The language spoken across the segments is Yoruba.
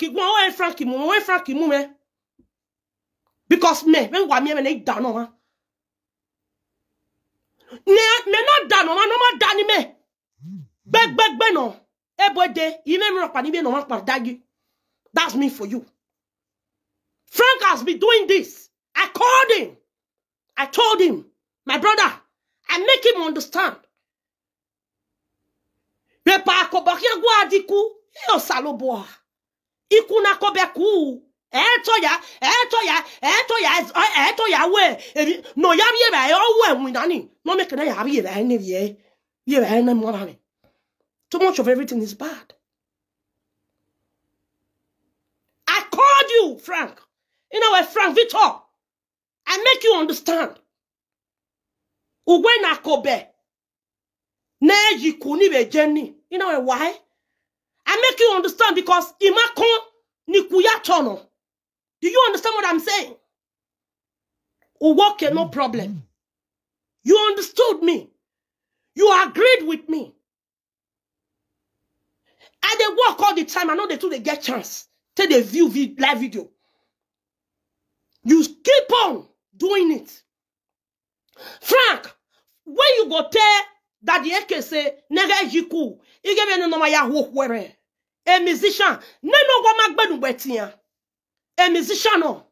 Frank gwan wè Frank mou wè Frank mou mè because me when wà mè mè nè dà nò mà nè mè nà dà nò mà nò mà dà ni me. Beg, beg, beg nò e bò dè i mè mè nò pa ni mè nò mà pa dagi that's me for you Frank has been doing this I called him I told him my brother I make him understand bè pa gwa di yo salobo ha ikuna kobeku we no ya bi ba yo we mu no ya bi ba ni ye ye ba na mo too much of everything is bad i called you frank you know eh, frank victor i make you understand ugwe na kobe na be jenny you know eh, why I make you understand because imakon nikuya tono. Do you understand what I'm saying? Uwoke, no problem. You understood me. You agreed with me. I they work all the time. I know they too they get chance. Take the view vid live video. You keep on doing it. Frank, when you go there, that the AK say, nega jiku, you give me no number ya where. a musician na no gwa magbenu gbetia a musician no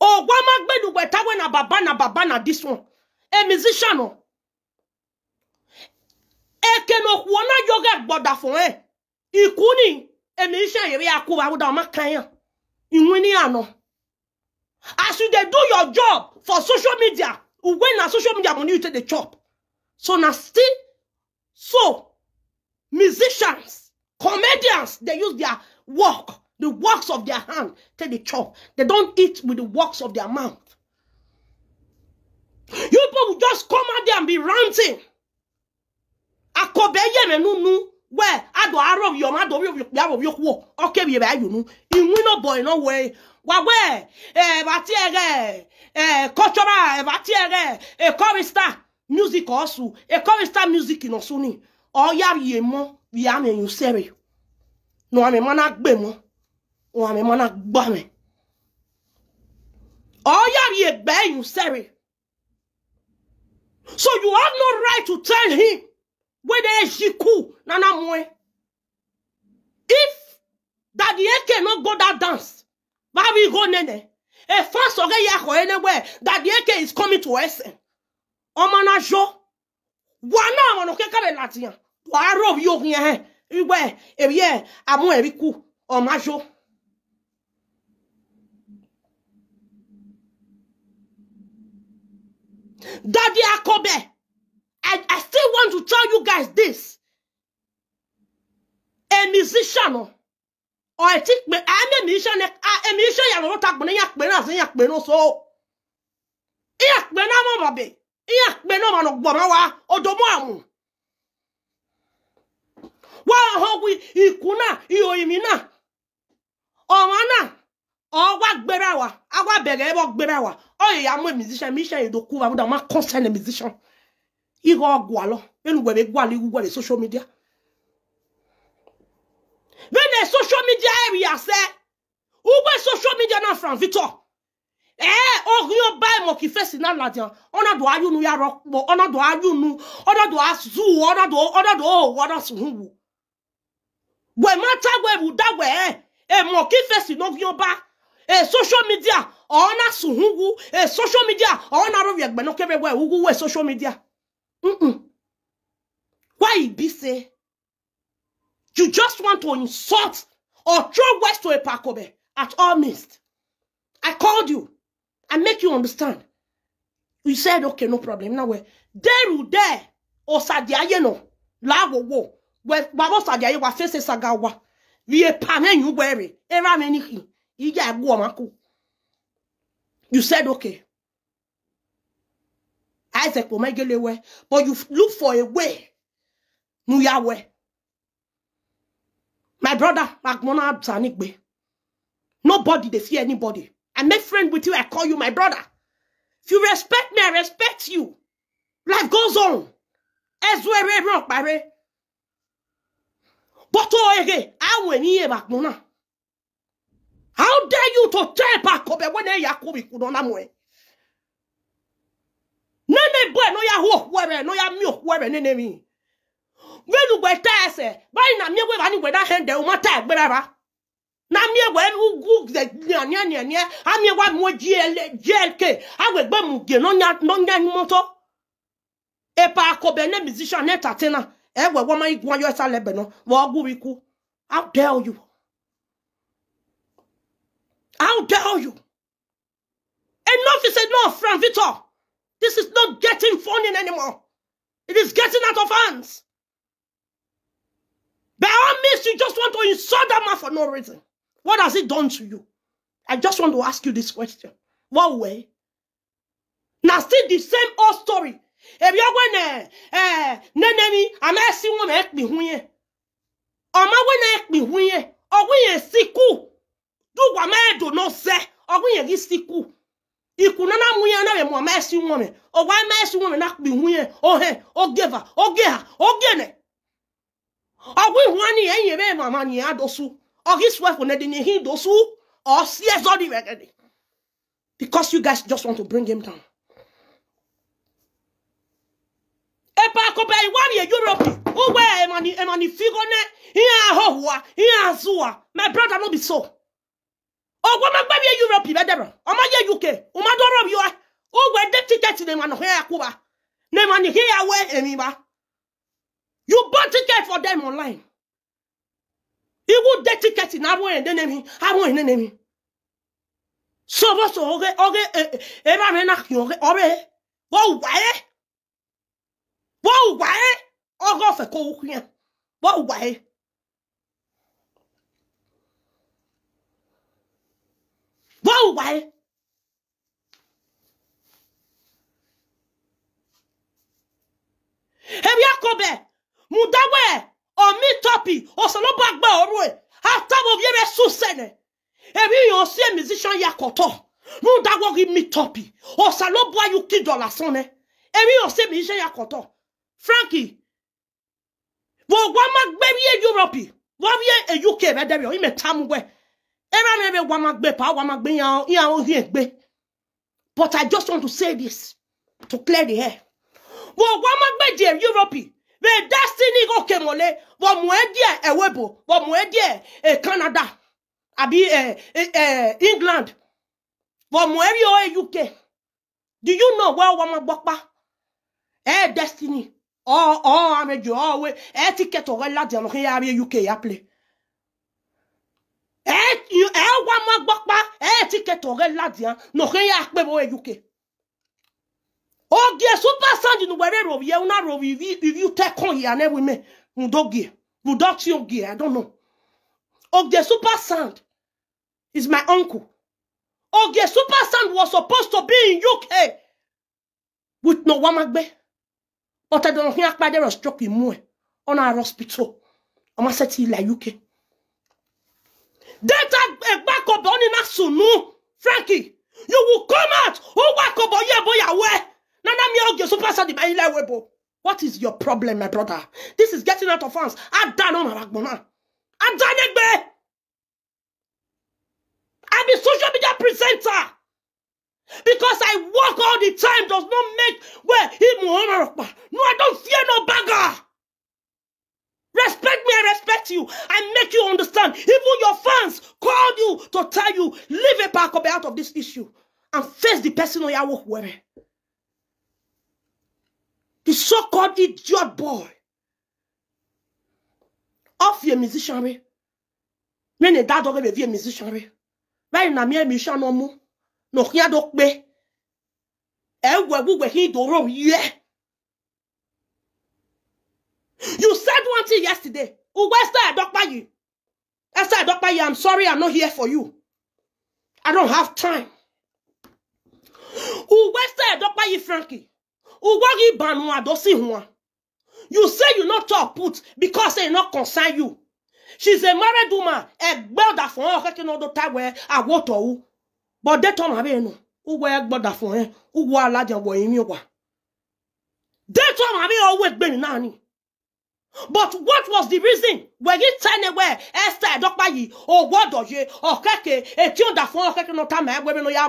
ogwa magbenu gbeta we na baba na baba na this one a musician no eke no kwa na yoga gboda fun e ikuni a musician yebe akuba wo da ma kan yan inwini ano as you dey do your job for social media when na social media money you take the chop so na still so musicians, comedians, they use their work, the works of their hand, till they chop. They don't eat with the works of their mouth. You people will just come out there and be ranting. Akobe yeme nu Where I do arrow your man do you have your war. Okay, we are you know. In winner boy, no way. Wawe, eh, batiere, eh, cultural, eh, batiere, eh, chorister music also, eh, chorister music in Osuni ye mo ya me yu sere no ame mana gbe mo o ame mana gba me oyariye gbe yu sere so you have no right to tell him whether she cool nana moe if that the no go that dance why we go nene a fast oge ya ko anywhere that the is coming to us ọmọ náà yọ wà náà àwọn ọ̀nà kékeré láti yàn aro bi okun ye igbe ebi ye amu ebi ku o ma daddy akobe I, I still want to tell you guys this a musician or a tick me I'm a musician a musician ya no tak me ya pe na sin ya pe no so ya pe na mo babe ya pe na ma no gbo ma wa odo mo amu wahogwi ikuna iyoyimina ọmana ọgwa gberawa agwabega ebe ọgberawa oyi ya mwe musician mishan idokuva muda ma concern musician ihe ọgwalọ elugwere gwalọ igwugwere social media vene social media ugwe social media na fran victor ee ohi ọba emo ka na azụ wemataweru dawe emokifesi novioba e social media ona suhugu e social media ona we we social media why be say you just want to insult or throw words to a pakobe at all means i called you i make you understand you said okay no problem now we are there osadiayeno lawowo wabosadia ye wafese sagawa wie pame nyugwere era menihi ija egwo maku you said okay Isaac omegelewe but you look for a way nuyawe my brother magmona absanigbe nobody they fear anybody I make friend with you I call you my brother if you respect me I respect you life goes on ezwere ran pare But a awe niye bakmona. How dare you to tell bakobe na yakubi na boy no ya ho were no ya mi were nene mi. Wenu gbe tese, bai na mi gbe bani gbe da hende o mata egbere ba. Na mi de nya nya nya, a mi mo a gbe mu ge no nya no nya moto. E pa ko ne musician entertainer. ewe eh, woman you yo esa lebe no wogu iku how dare you how dare you enough is enough Frank Victor this is not getting funny anymore it is getting out of hands by all means you just want to insult that man for no reason what has he done to you I just want to ask you this question what way now still the same old story ebi ebiogwene ee eh, nenemi amasi nwa ekpi hunye ọmagwene ekpi hunye ọgwụnye siku dugwa medo n'ose ọgwụnye gị siku ikuna na na mụnye anaghị mụ amasi nwome ọgwa amasi nwome na akpi hunye ohe ogeva oge ha ogene ọgwụ ihu anyị ya enyere mama nye ya dosu ọgịswefu na dị n'ihe dosu ọsi ezọ dị because you guys just want to bring him down ebe akụba iwari europe ugbe emanifigone ihe ahụhụa ihe azụwa my brother no be so ogwe mgbabie europe bedero ọmaghị uk ụmadorobia ụgwọ ede tiketi na ya kwụba na emanihe ya wee emiba you bought ticket for them online iwu de tiketi na abụghị nemi abụghị nenemi so bọsọ oge oge ebe amena oge ọrụ ọ bo wae ogo fe ko hia bo Why? bo wae ebi akobe mudawe omi topi osolobo agba oru e after mo biere susene ebi yon si musician yakoto mudawo gi mi topi osalobo ayuki dola sonne ebi yon si musician yakoto Frankie, wo wama gbe wie Europe, wo wie e UK be de bi o me tamu we. Era me be wama gbe pa wama gbe yan yan o hie gbe. But I just want to say this to clear the air. Wo wama gbe je Europe. Be destiny go kemole, wo mu e die e ewebo, wo mu e die e Canada. Abi e e, e England. Wo mu e e UK. Do you know where wama pa? Eh destiny Oh oh, I'm a jaw way. Etiquette or la del real UK apple. Eh, you, eh, one more bokpa. Etiquette or la dian. No real apple UK. Oh, dear, super sandy, no where of you, not of you, if you take on you and every man. Mudogi. Mudogi, I don't know. Oh, dear, super sand is my uncle. Oh, dear, super sand was supposed to be in UK. With no one magbe ọtẹdọrọ hin akpadẹrọ stroke imu ẹ ọna arọ hospital ọmọ asẹti ilẹ uk data ẹgbàkọbọ ọnina sunu frankie you will come out ó wàkọbọ yẹ bóyàwó ẹ nana mi oge pass sadi bayi ilẹ webo what is your problem my brother this is getting out of hands adana ọmọ àgbọn náà adanegbe i be social media presenter. Because I walk all the time does not make where him honor. No, I don't fear no beggar. Respect me, I respect you. I make you understand. Even your fans called you to tell you, leave a park up out of this issue and face the person on your whoever. The so-called idiot boy of your musicianry. When a dad of a musicianry. Right now, me a musician no more nokia do pe ewe wuwe hin doro yeah you said one thing yesterday uwesta adopayi esther adopayi i'm sorry i'm not here for you i don't have time uwesta adopayi frankie uwagi banu adosi huwa you say you not talk put because say e not concern you she's a married woman ẹgbẹ́ ọ̀dà fún ọ̀kẹ́kẹ́ náà ọdún táwọn ẹ̀ àwòtọ̀wù But bọ̀dé tọ̀nà abẹ́ ẹnu uwe gbọ́dà fún ẹ uwe alájà wọ̀ ẹ̀yìn mi wà dé tọ̀nà abẹ́ ọwọ́ always náà nanny. but what was the reason were eh? you telling where esther ẹ̀dọ́pá yìí owó ọ̀dọ̀ ṣe ọ̀kẹ́kẹ́ etí ọ̀dà fún ọ̀kẹ́kẹ́ náà tá he, gbẹ́mí náà yá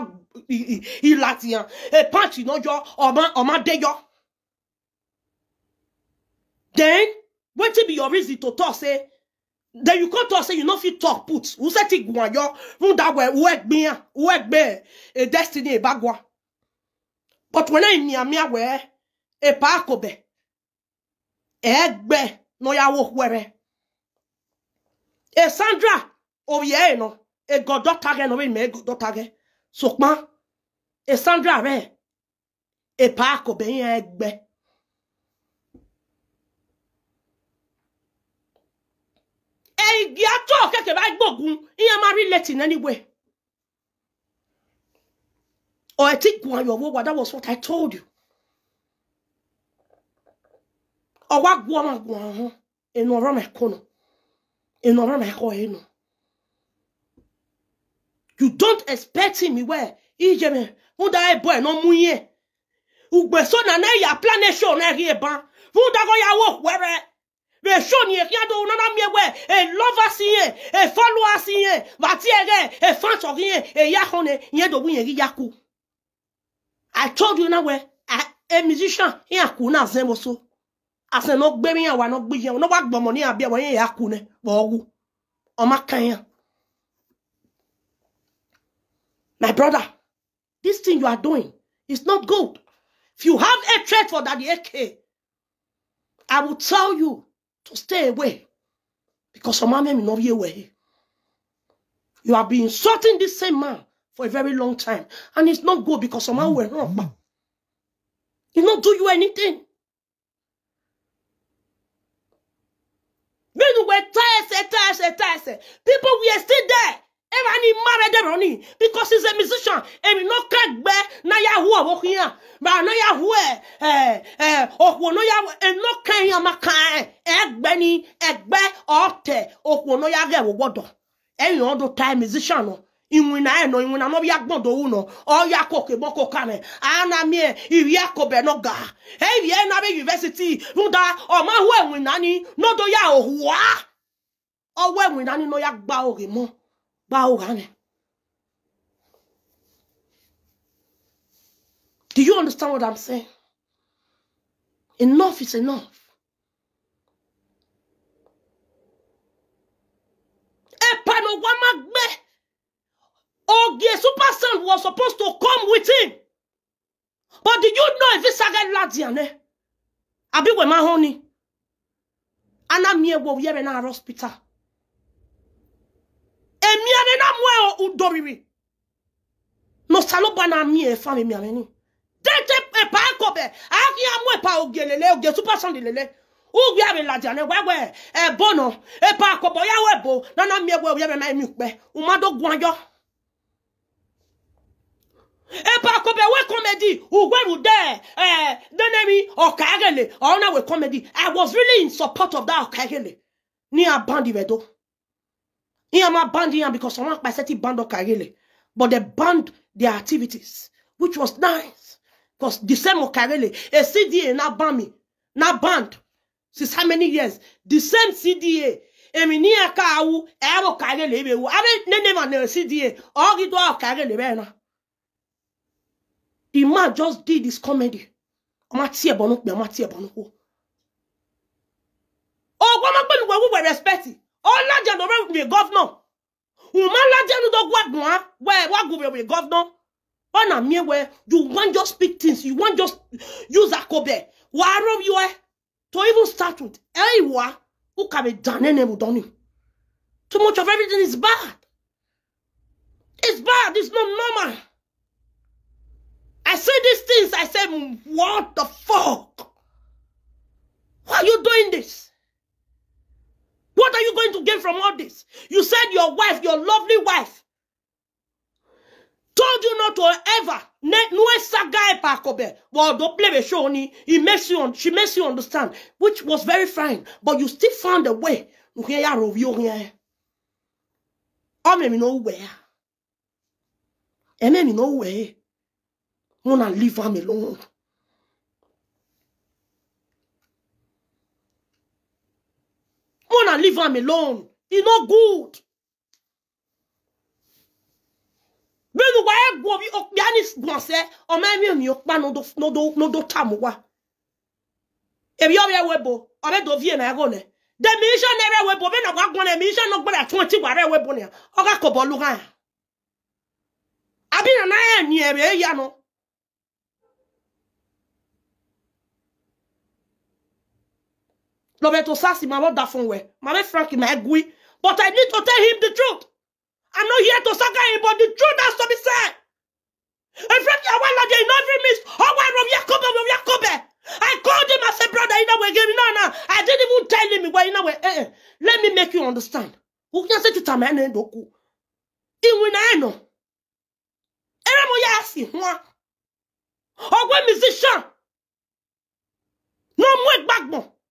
ìlà tìyàn pàǹtì náà yọ ọ̀mọdé yọ. then what wetin be your reason to talk say then you come to us say you no fit talk put who say ti one ayo run that way who egbe who egbe a destiny a ebagwa but when i me ami awe e pa akobe be no yawo were e sandra oye no e godo tage no me godo tage so pon e sandra re e pa akobe yen be. igi atọ́ kẹ̀kẹ́ bá gbógun ìyẹn máa rí lẹ́tì náà níwẹ̀. Or I think one your over, that was what I told you. Or what guama guaho in or Kono, corner. In or my coin. You don't expect him where Ije me, Ijeme Muda boy no muye. Ugbe so na na ya planation na ri eban. Muda go ya wo were be show ni ria do na na miewe e lover si ye e follower si ye ba ti ere e fan so e ya hone yen do bu yen ya ku i told you now where a musician yen ku na zen wo so asen no gbe mi wa no gbe yen no wa gbomo ni abi wo yen ya ku ne bo wu o ma kan my brother this thing you are doing is not good if you have a threat for daddy ak I will tell you to stay away because some men may not be away. You have been insulting this same man for a very long time, and it's not good because some man were wrong. He not do you anything. Men were tired, tired, tired. People were still there. Eva ni mara dero ni because he's a musician emi no kagbe na ya hu ọbọkụ ya ma na eh hu ọkwụ no ya e, e, e, e no ya maka egbe ni egbe ọtẹ ọkwụ no ya ga ewogbodo eyi ọdụ time musician no inwina eno inwina no ya gbondo uno o ya koke boko kane ana mi iri akobe no ga eyi e na be university nda o ma hu enwina ni no do ya ohuwa ọwọ́ ẹ̀wìn ìdánilọ́ ya gba òrè mọ́ Wauhane. Do you understand what I'm saying? Enough is enough. Oge, Super Superson was supposed to come with him. But did you know if it's a ladiane? be with my honey. Ana mi ewo yere na hospital emiane na mwe o udomimi no saloba na mi e fa mi miane ni dete e pa kobe aki amwe pa ogelele oge super sound lele ugbe abi laja we we. e bono e pa kobo ya webo na na mi ewe oye me mi pe umado gwanjo e pa kobe we comedy ugwe rude o kagele. O na we comedy i was really in support of that kagele. ni abandi wedo Here am banding here because someone by setting band of Karele. But they banned their activities, which was nice. Because the same Karele a CDA now ban me, now banned. Since how many years? The same CDA. E I ní ẹ̀ka awu ẹ̀rọ kàrẹ́lẹ̀ ẹ̀bẹ̀ wo abẹ́ nẹ́nẹ́mà náà CDA ọ̀rídọ́ ọ̀kàrẹ́lẹ̀ bẹ́ẹ̀ náà. The man just did this comedy. I'm not not here, but Ọmọ tí ẹ̀bọ̀nù pé not tí ẹ̀bọ̀nù kú. Ògùn ọmọ pẹ̀lú wẹ̀wù wẹ̀ respect olajenore be governor what gwagunwa where wagube be governor on a mere where you want just speak things you want just use a Where waro you to even start with ewa who can be danene mudoni too much of everything is bad it's bad it's not normal I say these things I say what the fuck why are you doing this What are you going to gain from all this? You said your wife, your lovely wife, told you not to ever. Well, don't play with Shoni. He makes you, she makes you understand, which was very fine. But you still found a way. I'm in nowhere. I'm in nowhere. Wanna leave him alone. go and leave him alone e no good menuwa egwu obi okpiani gbọnsẹ ọmọ ẹmi omi okpa nodo tamuwa ebi ọbẹ webo ọbẹ dovie na ẹgọ nẹ de mi iṣẹ na ẹrẹ webo bẹ na ọgá gbọn na mi iṣẹ na gbọdọ àtúntò tí wàrẹ webo ni ọgá kọbọ lóga yà àbí nana ẹ ní ẹrẹ ẹ yà nọ. Roberto Sassi, my mother from where? My Frankie, my Gui. But I need to tell him the truth. I'm not here to sucker him, but the truth has to be said. And Frankie, I want like not every miss. Oh, why Rob Yakobe, Rob Yakobe? I called him, I said, brother, you know, we're giving no, no. I didn't even tell him, well, you know, eh, eh. Let me make you understand. Who can say to Tamane Doku? In Winano. Eremo Yasi, one. Oh, one musician. No more backbone.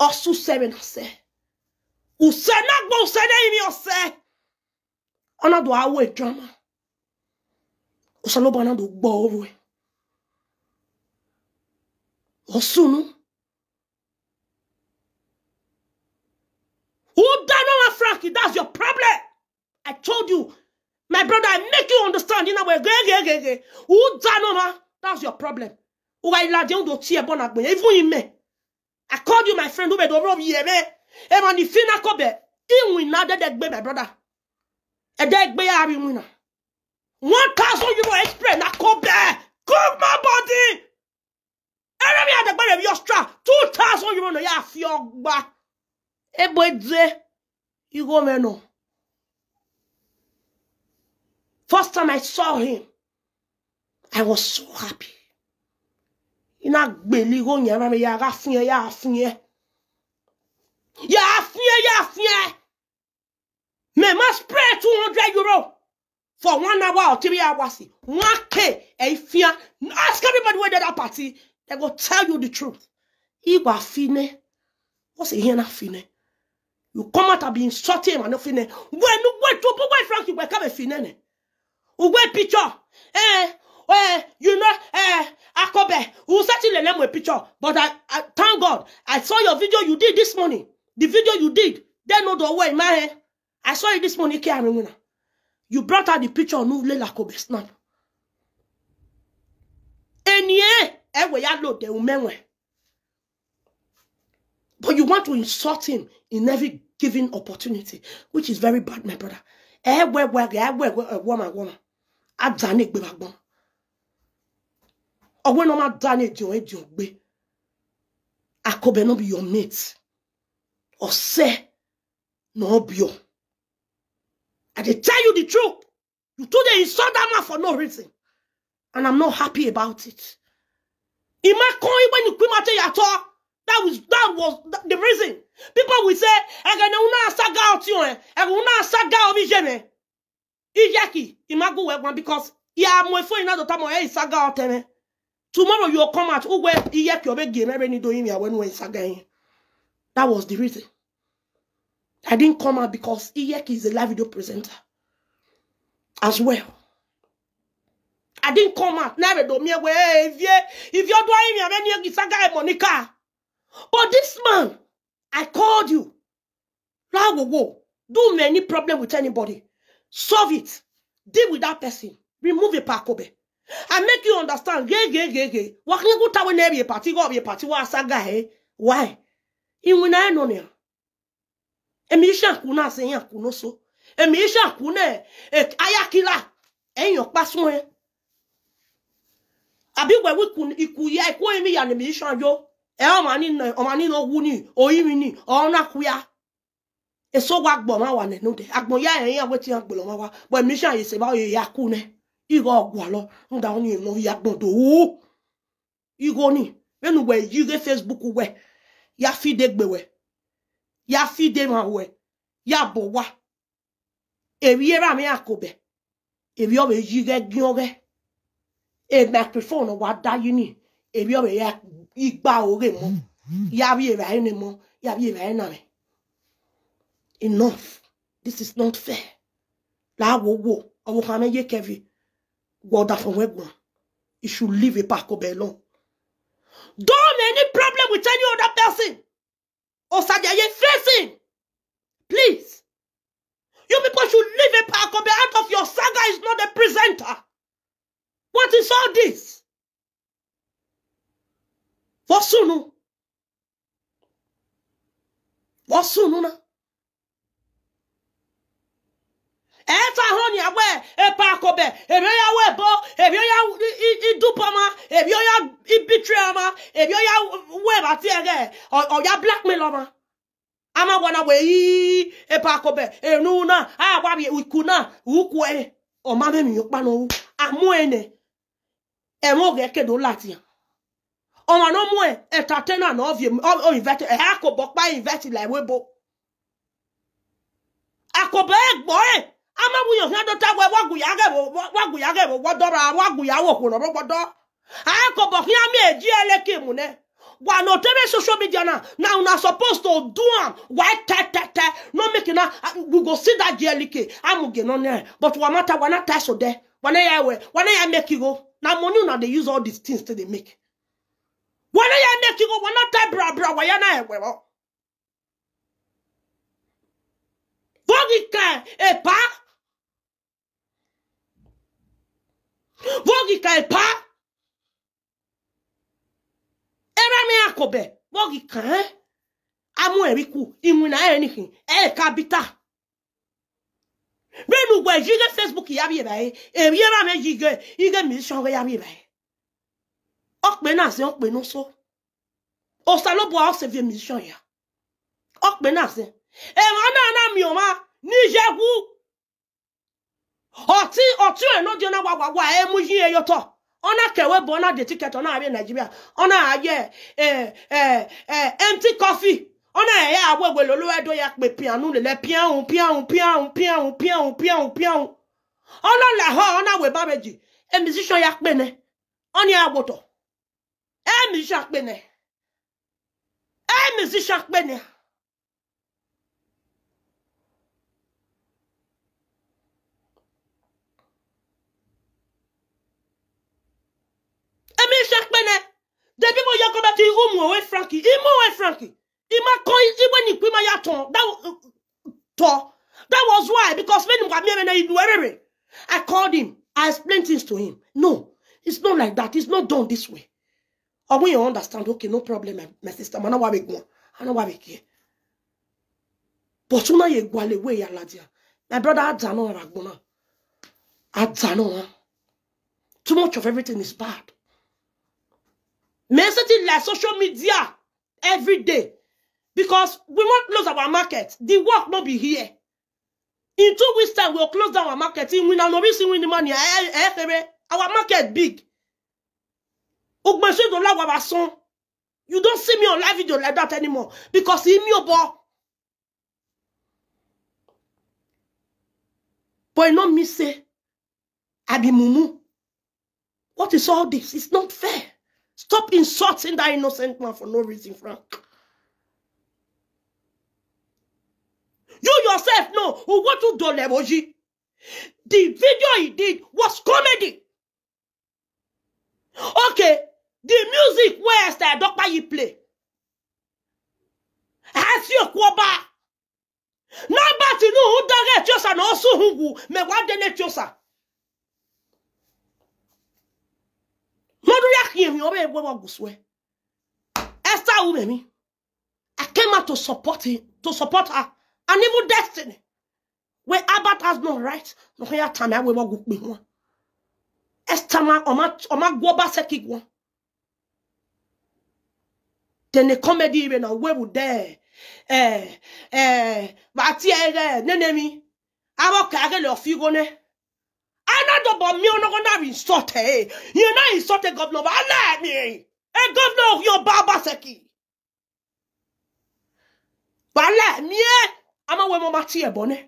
osu sebe na se use na gbo use na imi ose ona do awo e drama osalobo na do gbo oru e nu? who dano ma frankie that's your problem i told you my brother i make you understand you know where gege gege who dano ma that's your problem uga on do ti e bona gbe even ime I called you my friend who made over here, man. Hey, man, the final kobe. Thing we now dead they my brother. And they be a winner. One thousand euro express na kobe. Cook my body. Enemy at the bottom of your strap. Two thousand euro no ya fi ogba. Hey, boy, dze. You go, man, First time I saw him, I was so happy iná gbèlí ro yẹn me ya fún yẹn ya fún ye, ya fún yẹn yàrá fún yẹn mẹ má spray two hundred euro for one hour or three hours one k ẹ̀yìn fìyà ask everybody where dey that party They go tell you the truth ìgbà fínẹ what's he yẹn náà fínẹ you come out and be insulting him and no fínẹ when, nu wẹ́n tó bó wẹ́n frank ìwẹ̀ kábẹ̀ fínẹ nẹ ìwẹ̀ picture Eh, Well, eh, you know, eh, Akobe, who certainly left me a picture. But I, I thank God, I saw your video you did this morning. The video you did, they know the way, man. I saw it this morning, Kiarimuna. You brought out the picture of Nule Akobe snap. And yeah, everywhere I load, they But you want to insult him in every given opportunity, which is very bad, my brother. Eh, Everywhere, everywhere, woman, woman. Abzanik Bibagbon ọwọ́ náà máa dá ní èjìwọ̀n èjìwọ̀n gbé akọbẹ náà be your mate ọ̀sẹ̀ náà bí ọ. I dey tell you the truth. You told you saw that man for no reason. And I'm not happy about it. Ima kọ́ni when you pín màtẹ́ yàtọ̀ that was that was the reason. People will say ẹ̀gẹ̀ ni òun náà ṣága ọtí ọ̀ ẹ̀ ẹ̀gẹ̀ òun náà ṣága ọbí jẹ̀ mẹ́. Iyẹ́kì ìmágùn wẹ̀ gbọ́n because ìyá àmọ̀ ẹ̀fọ́ yìí náà dọ̀tà mọ̀ ẹ̀ ìṣága ọtẹ̀ mẹ́. Tomorrow you'll come out. Oh, well, yeah, you'll be game. Every doing me when we're again. That was the reason. I didn't come out because Iyek is a live video presenter as well. I didn't come out. Never do me away. If you if you're doing me, I'm any saga Monica. But this man, I called you. Lagogo, do me any problem with anybody. Solve it. Deal with that person. Remove a parkobe. I make you understand. Ge ge ge ge. Wakni ku tawe ne be party go be party wa saga he. Why? In we na no ne. Emi sha ku na se yan ku no so. Emi ku ne e ayakila. Eyan pa e. Abi we we ku iku ya iku emi ya ne yo. E o ma ni o ma ni no wu ni, o mi ni, o na ku ya. E so wa gbo ma wa ne no de. Agbon ya eyan we ti an lo ma wa. But emi sha se ba o ya ku ne iro ogwalo nda oni no ya gbodo oh! o iro ni menu we yire facebook we ya fi de gbe we ya fi de ma we ya bo wa ebi era mi akobe ebi o be yire gin e microphone wa da yini ebi o be ya igba ore mo ya bi era ni mo ya bi era na me enough this is not fair la wo wo owo kan me ye kevin Wada for Webma. You should leave a park of Belon. Don't any problem with any other person. Osajaye facing. Please. You people should leave a park of out of your saga is not a presenter. What is all this? What's soon? What's soon? ɛɛfa ho neabɔ ɛ ɛpa akɔbɛ ebi ɔya wɔ ɛbɔ ebi ɔya idupɔma ebi ɔya ibitriama ebi ɔya wɔ ɛbati ɛgɛ ɔya blackmail ɔma ama wɔna wɔ eyi ɛpa akɔbɛ enu na awa bi iku na uku ɛ e, ɔma mɛmi yɔ kpa n'owu amu ɛnɛ ɛmu ɔgɛ kedo latia ọmọ náà mú ẹ e, ẹtàtẹ́nà náà e, ọ̀fì ọ̀ìnvẹ́tì ẹ̀ àkọ́bọ̀ pa ìnvẹ́tì láìwé bo àkọ́bọ̀ ẹ̀ gbọ́ ẹ̀. amabunyo na ya waguyage waguyage wodora waguyawo kworo rogodo akobo hia mi eji eleke mune gwa na otere social media na na una supposed to do am why e te no make na we go see that jelike amuge no ne but wa mata wa na taso de wa na ya we wa na ya make go na money una dey use all these things to dey make wa ya make go wa na na ewe Wogi ka epa. Era me akobe. Wogi ka eh. Amu eriku. Imwina anything. Eh kabita. Benu gwe jige Facebook yabi ebaye. Ebi eh? era me jige. Ige mission ge yabi ebaye. Eh? Okpe na se okpe no so. Osalobo ok se vie mission ya. Okpe na se. E wana na mi oma. Ni jeku ọtí ọtí ẹ̀ ló jẹ́ náà wà wà ẹ̀ mú yí ẹyọ tọ̀ ọ̀nà kẹwé bọ̀ ọ̀nà dé tíkẹ̀tì ọ̀nà àárẹ̀ nàìjíríà ọ̀nà ààyè ẹ̀ ẹ̀ ẹ̀ empty coffee ọ̀nà ẹ̀yà e, àwọ̀ e, èwe lọ́lọ́ ẹ̀dọ́ ya pè pìànù lẹ̀lẹ̀ pìànù pìànù pìànù pìànù pìànù pìànù pìànù ọ̀nà làhọ́ ọ̀nà àwẹ̀ bàbẹ̀jì ẹ̀mí sísọ ya pè nẹ ọ̀nà àwòtọ̀ ẹ̀mí sísọ pè nẹ ẹ̀mí sísọ pè nẹ. Frankie, imo franki ima koi iwe ni kwima ya ton that to that was why because when him come you were I called him I explained things to him no it's not like that it's not done this way or when you understand okay no problem my, my sister man wa be go ana wa be ke but una ye gwale we ya ladia my brother adano ragbona adano too much of everything is bad Mais c'est like social media every day because we won't close our market. The work not be here. In two weeks' time, we'll close down our market. We now no reason win the money. Eh, eh, eh, our market big. You don't see me on live video like that anymore because in your ball. But not me say, I be mumu. What is all this? It's not fair. Stop insulting that innocent man for no reason, Frank. You yourself know who what to do levoji. The video he did was comedy. Okay, the music where the doctor you play? As your kwaba. Number know who direct yourself and also who me one day let Modu ya kiemi obe ebwebo guswe. Esther Umemi. I came out to support him, to support her, and even destiny. Where Albert has no right, no here time I will go me one. Esther ma oma oma gwoba seki one. Then a comedy even a way would there. Eh, eh, but yeah, nenemi. I will carry your figure. anadọbọ mi gonna insult eh you na insult a governor but I like me. a governor of your baba seki balẹ mi ẹ ama wẹ mo ma ti ẹ bọ nẹ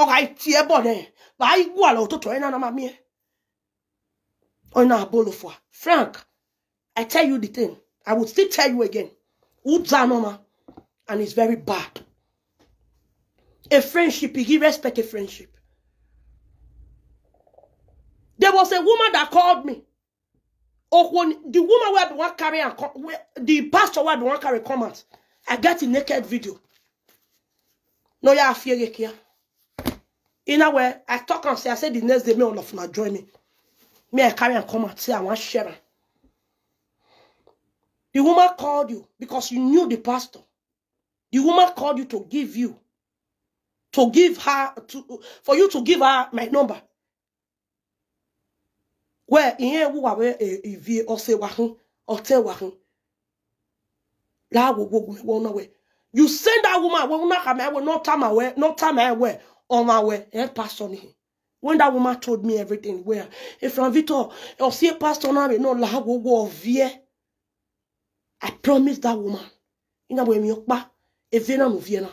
ọkà ti ẹ bọ nẹ bàá igu àlọ òtòtò ẹ nana ma mi ẹ ọ̀nà àbólò fún wa frank i tell you the thing i will still tell you again uza noma and it's very bad a friendship you respect a friendship there was a woman that called me. Oh, when the woman where the one carry and the pastor where the one carry comment, I get a naked video. No, yeah, I fear here. In a way, I talk and say, I said the next day, me on of now join me. Me, I carry and comment, say I want share. The woman called you because you knew the pastor. The woman called you to give you, to give her, to for you to give her my number. we ihe ewu wa we evie ose wa hun ote wa hun la wo wo wo no we you send that woman we una come we not time we not time we on our way eh pastor ni when that woman told me everything where eh, if from Victor or see pastor na we no la wo wo vie i promise that woman ina we mi opa evie na no vie na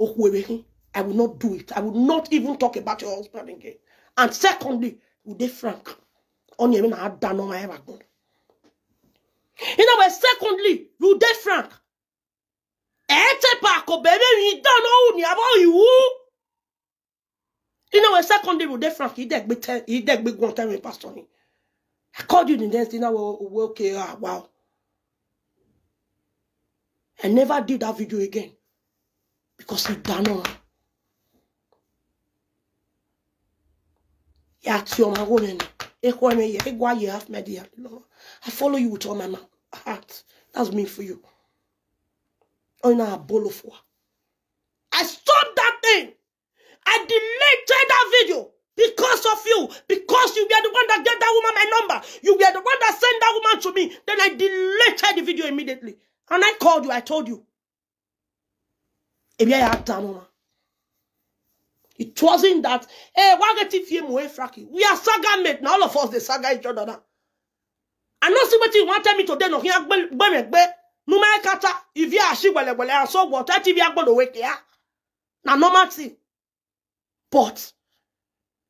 okuwe hin i will not do it i will not even talk about your husband again and secondly would they frank onye me na ada no my ever kun in our secondly you dey frank ete eh, pa ko bebe wi don o ni abo iwu in our secondly you dey frank you dey gbe ten you dey gbe gun ten pastor ni i called you the next day now we oh, oh, okay ah wow i never did that video again because he done on yàtì ọmọ agbóhùn ẹni I follow you with all my heart. That's me for you. Oh, you know, I bolo for. I stopped that thing. I deleted that video because of you. Because you were the one that gave that woman my number. You were the one that sent that woman to me. Then I deleted the video immediately. And I called you. I told you. If I had that woman. It wasn't that, hey, eh, why get if you fraki? We are saga mate. Now all of us, the saga each other now. I know somebody what you want me to do. No, here, gbemegbe. No, matter what, If you are she, well, well, I saw what? That TV you going to wake, yeah. Now, no matter. But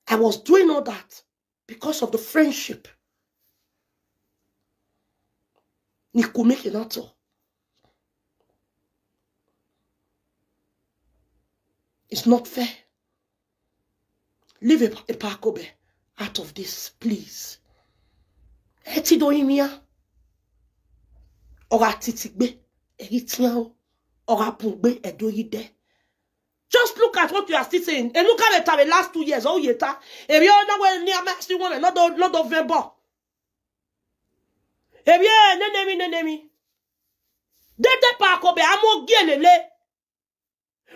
I was doing all that because of the friendship. Ni kumeke nato. It's not fair. Leave a parkobe out of this, please. Eti do imia. Ora titigbe. Eritiao. Ora pugbe edoyide. Just look at what you are still saying. And look at the last two years. Oh, yeta. If you're not well near me, still want another lot of vembo. If you're nenemi nenemi. Dete parkobe, kobe amo gielele.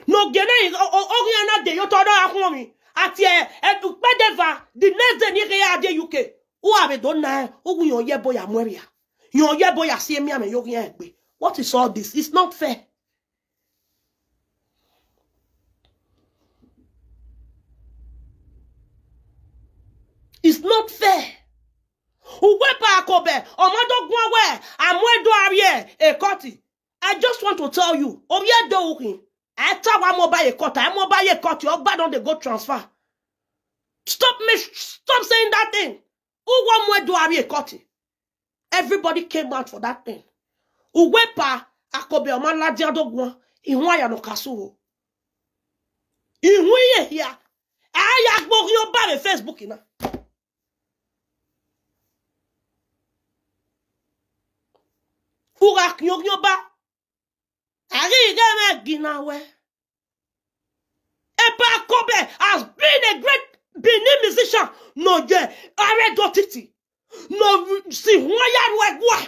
No gene is oriana de yotoda akwami ati eh, edukpedeva the next day ni ke ya de uk o ave don na o gun yon yebo ya mweria yon yebo ya si emi ame yo yen egbe what is all this it's not fair it's not fair uwepa akobe omado omodogun owe amuedo arie ekoti i just want to tell you orie do okin I talk one etawa mobile court i mobile court You're bad on the go transfer stop me stop saying that thing who one more do ari court everybody came out for that thing Who uwepa akobe omaladi adogun ihun ayano kasuro ihun iye ya aya gbori o bare facebook na ura kinyokinyo ba Aghi ga-eme gị na kobe has been a great Benin musician n'oge Aredo Titi n'osihuanyarụegwu a.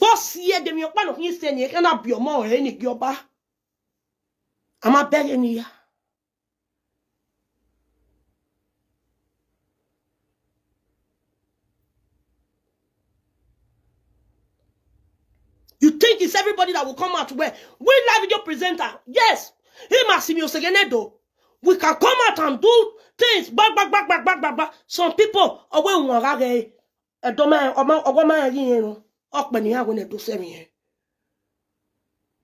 Bọsie demie kpanụ ihe ise na gị ọba. Amabeghị na ya. think it's everybody that will come out where We live video presenter, yes, him as Simio Segenedo. We can come out and do things. Back, back, back, back, back, back, back. Some people away one rag a domain or woman, you know, up when you are going to seven years.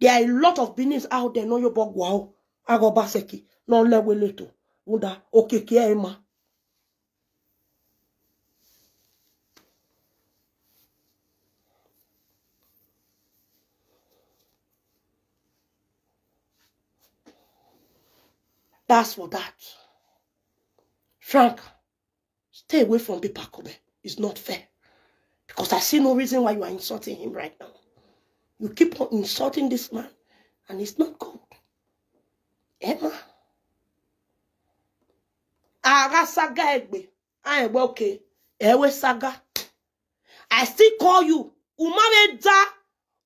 There are a lot of business out there, no your bog wow. I go baseki, no lewe little. Wunda, okay, kia That's for that. Frank, stay away from Bipa Kobe. It's not fair. Because I see no reason why you are insulting him right now. You keep on insulting this man, and it's not good. Emma. Ara saga egbe. I ah, am eh, okay. Ewe saga. I still call you. Umame da.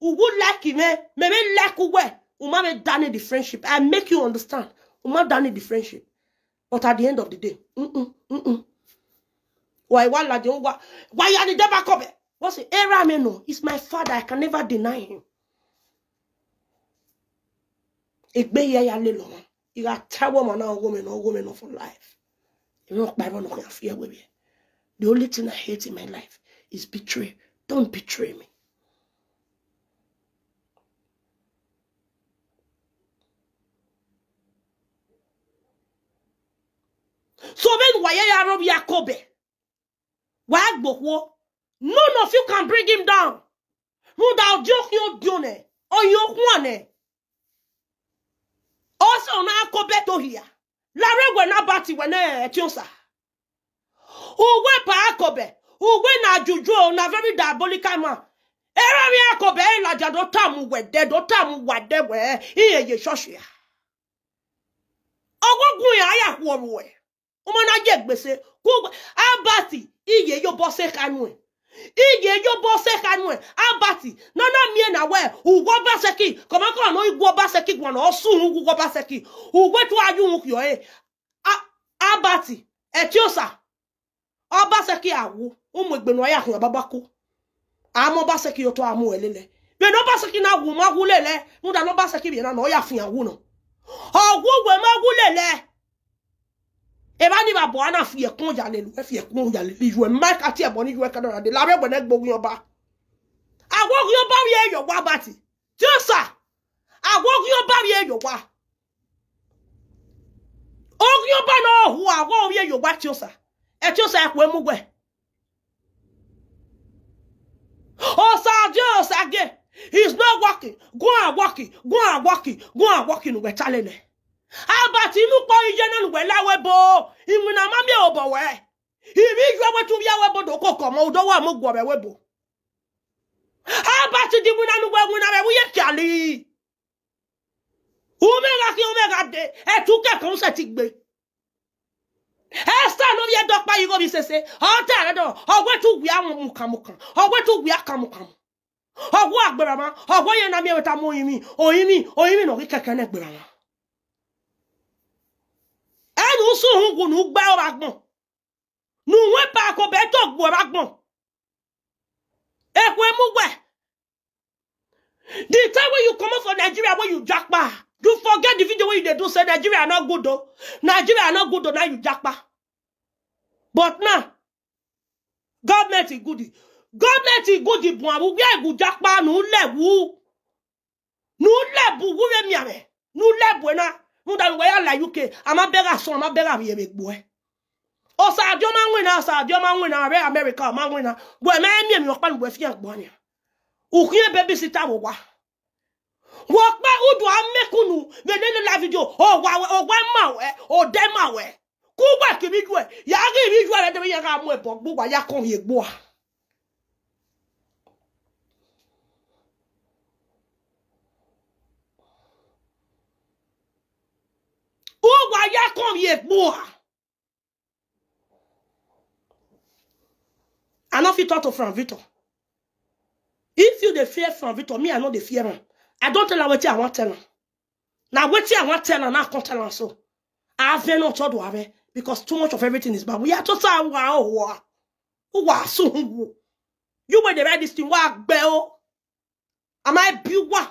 Ugu like me. Eh? Meme like uwe. Umame dane the friendship. I make you understand má dání the friendship but at the end of the day wàá wá lajẹ ń wá wáyà ni jẹba kọbẹ wọn sì ẹrá mi nù is my father i can never deny him ìgbéyà ya lè lọ wọn ìyá tẹwọ mọ náà owó mi náà owó mi náà for life ìrìn ọ̀pá ìrọ̀nà kò yà fi the only thing i hate in my life is betray don't betray me Soben waye Yarob Yakobe. Wagbokwo. None of you can bring him down. Who thou joke your dune or your one. Also na Kobe to here. Lare when abati when etiosa. Uwe pa Akobe. Uwe na juju na very diabolical man. Erari Akobe la jado tamu wede do tamu wade we iye ye shoshia. Ogogun ya ya kworo we. umanaje gbèsè kúgbà abati iye yóò bọ́ sí kanu e. iye yóò bọ́ sí kanu e. abati nana mie na wẹ̀ ugwọ baseki kọ̀mọ́kọ̀ náà igwọ baseki gbọ̀nà ọ̀sùn ugwọ baseki ugwọ tó ayé òun kìọ́ ẹ̀ e. abati ẹ̀tíọ́sà ọbaseki àwọ ụmụ egbe na ọya ahụ agbagbakọ ama ọbaseki ụtọ amụ elele bena ọbaseki na agwụ magwụ lele nụda na ọbaseki bịa na ọya afụ ya gwụ nọ ọgwụ ogwe magwụ lele eba ni ba bwana fie kon ya le lu fie kon ya le ju e ma ka ti e boni ju e kan de la be gbene gbogun yoba awogun yoba wi e yowa bati josa awogun yoba wi e yowa ogun yoba no hu awogun wi e yowa josa e josa e ku emugbe osa josa ge he's not walking. go and working go and working go and working we challenge Albert imukpo ijenan welawe bo imuna mami obo we ibi gwewe tu yawe bo doko komo udowa mo gwobe webo Albert di muna nu wewu na wewu ye kyali Omega ki omega de e tu ke kon se ti gbe Esther no ye dokpa yi go bi sese o ta re do ogwe tu gwi awon mu kan mu kan ogwe tu gwi akan mu na mi e ta mo yin mi oyin mi oyin mi no ki keke na agbera So suhungu nu gba oragbon nu nwe pa ko be to gbo oragbon ekwe mugwe the time when you come out for Nigeria when you japa you forget the video when you dey do say Nigeria not good though Nigeria not good though now you japa but now government is good good. gọọmenti igudi bụ abụgwọ egwu jakpa n'ụlọ egwu n'ụlọ bụ wure mịarị n'ụlọ bụ na ndanu waya la uk bega son ama amabega yeme gboe osa adio ma win na osa adio ma win na re america ma win na gboe me mi mi opa gboe fian gboe ni ukun e baby sister wo wa wo pa udu amekunu me le la video o wa o wa ma we o de ma we ku wa ki bi ju e ya ki bi ju e de bi ya ka mu e bo gbo kon ye ya kom ye boa. I not fit talk to Frank Victor. If you the fear Frank Victor, me I know the fear him. I don't tell her what I want tell her. Now what I want tell her, now I can't tell her so. I have no thought to because too much of everything is bad. We are just total wow wow. Wow so oh, You were the right this thing. Wow, oh. bell. Am I be wow?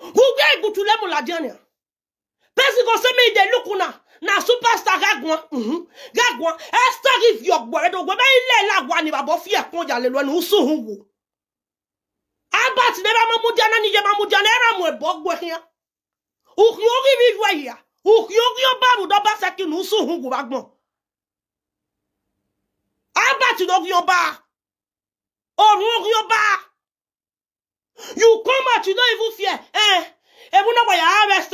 wugbe egbutu lemu ladiania pesin go say make e dey de una na superstar gagwan uhun mhm, gagwan esther if your gbọrẹ dogbo bẹ ilé lagwa ni bàbá fi ẹkún jalè lọ ẹnu sùn wò albert ní bá mọ mú jẹ náà níjẹ máa mú jẹ náà ẹrọ àwọn ẹbọ gbọ ẹyàn òkè orí mi lu ẹyà òkè orí ó bá àrùn dọ́bà sẹ́kì nù sùn wò bá gbọ̀n albert lórí ọba òrùn orí ọba. You come out, you don't even fear. Eh, ebu na waya arrest,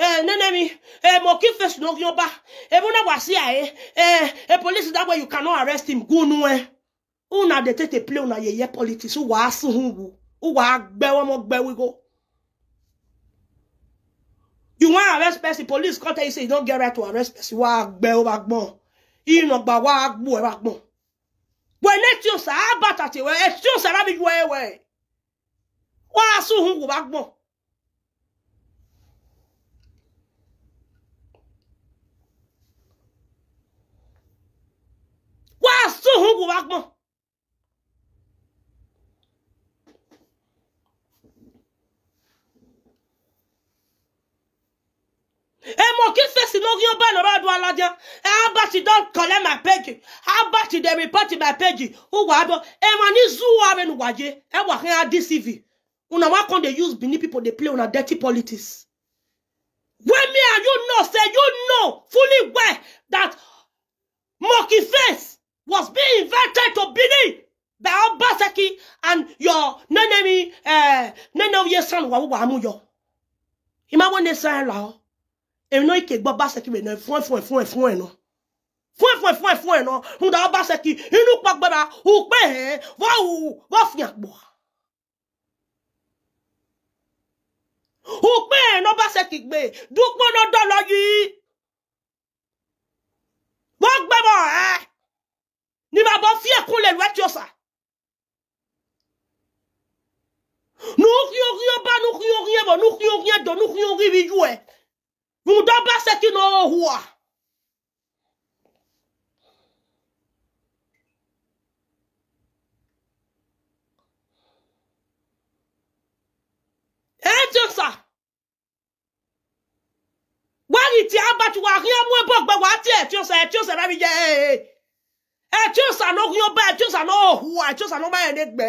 Eh, nenemi, eh, eh moki face no ba. Ebu na wasia eh. Eh, eh, police that way you cannot arrest him. Go no eh. Una de tete play una ye ye politics. Uwa asu humbu. Uwa agbe wa mo gbe we You want arrest person, police come tell you say you don't get right to arrest person. Wa agbe wa agbon. Ino gba wa agbo wa agbon. When it you sa abata ti we, it you sa rabi we we wọ́n á sùn hùn kò bá gbọ̀n. wọ́n á sùn hùn kò bá gbọ̀n. Emo ki fesi no gyo ban ora do alaja. How about you don't collect my page? How about you they report my page? Who wabo? Emo ni zuwa ben waje. Ewa kan a DCV una why can't they use bini people? They play on a dirty politics. When me and you know, say you know fully well that monkey face was being invited to bini by Obaseki and your nenemi eh nenemi yesan wa wa amuyo. Ima wọn ne san la o. Èmi náà ike gbọ́ Obaseki wẹ̀ náà fún ẹ̀ fún ẹ̀ fún ẹ̀ fún ẹ̀ náà. Fún ẹ̀ fún ẹ̀ fún ẹ̀ fún da Obaseki inú pàgbẹ́ra ò pé ẹ̀ wọ́n ò wọ́n fi àgbọ̀. upe no ba se kigbe dupo no dolo yi mo gbe mo eh ni ma bo fi ekun le lwe ti osa nukiyo kiyo ba nukiyo kiyo e bo nukiyo kiyo e do nukiyo e bi ju e mu do ba se kino huwa jesusa wari ti abatu wa ri amu ebo gbe wa ti etiosa etiosa na mi je etiosa no ri oba etiosa no hu etiosa no ma ene gbe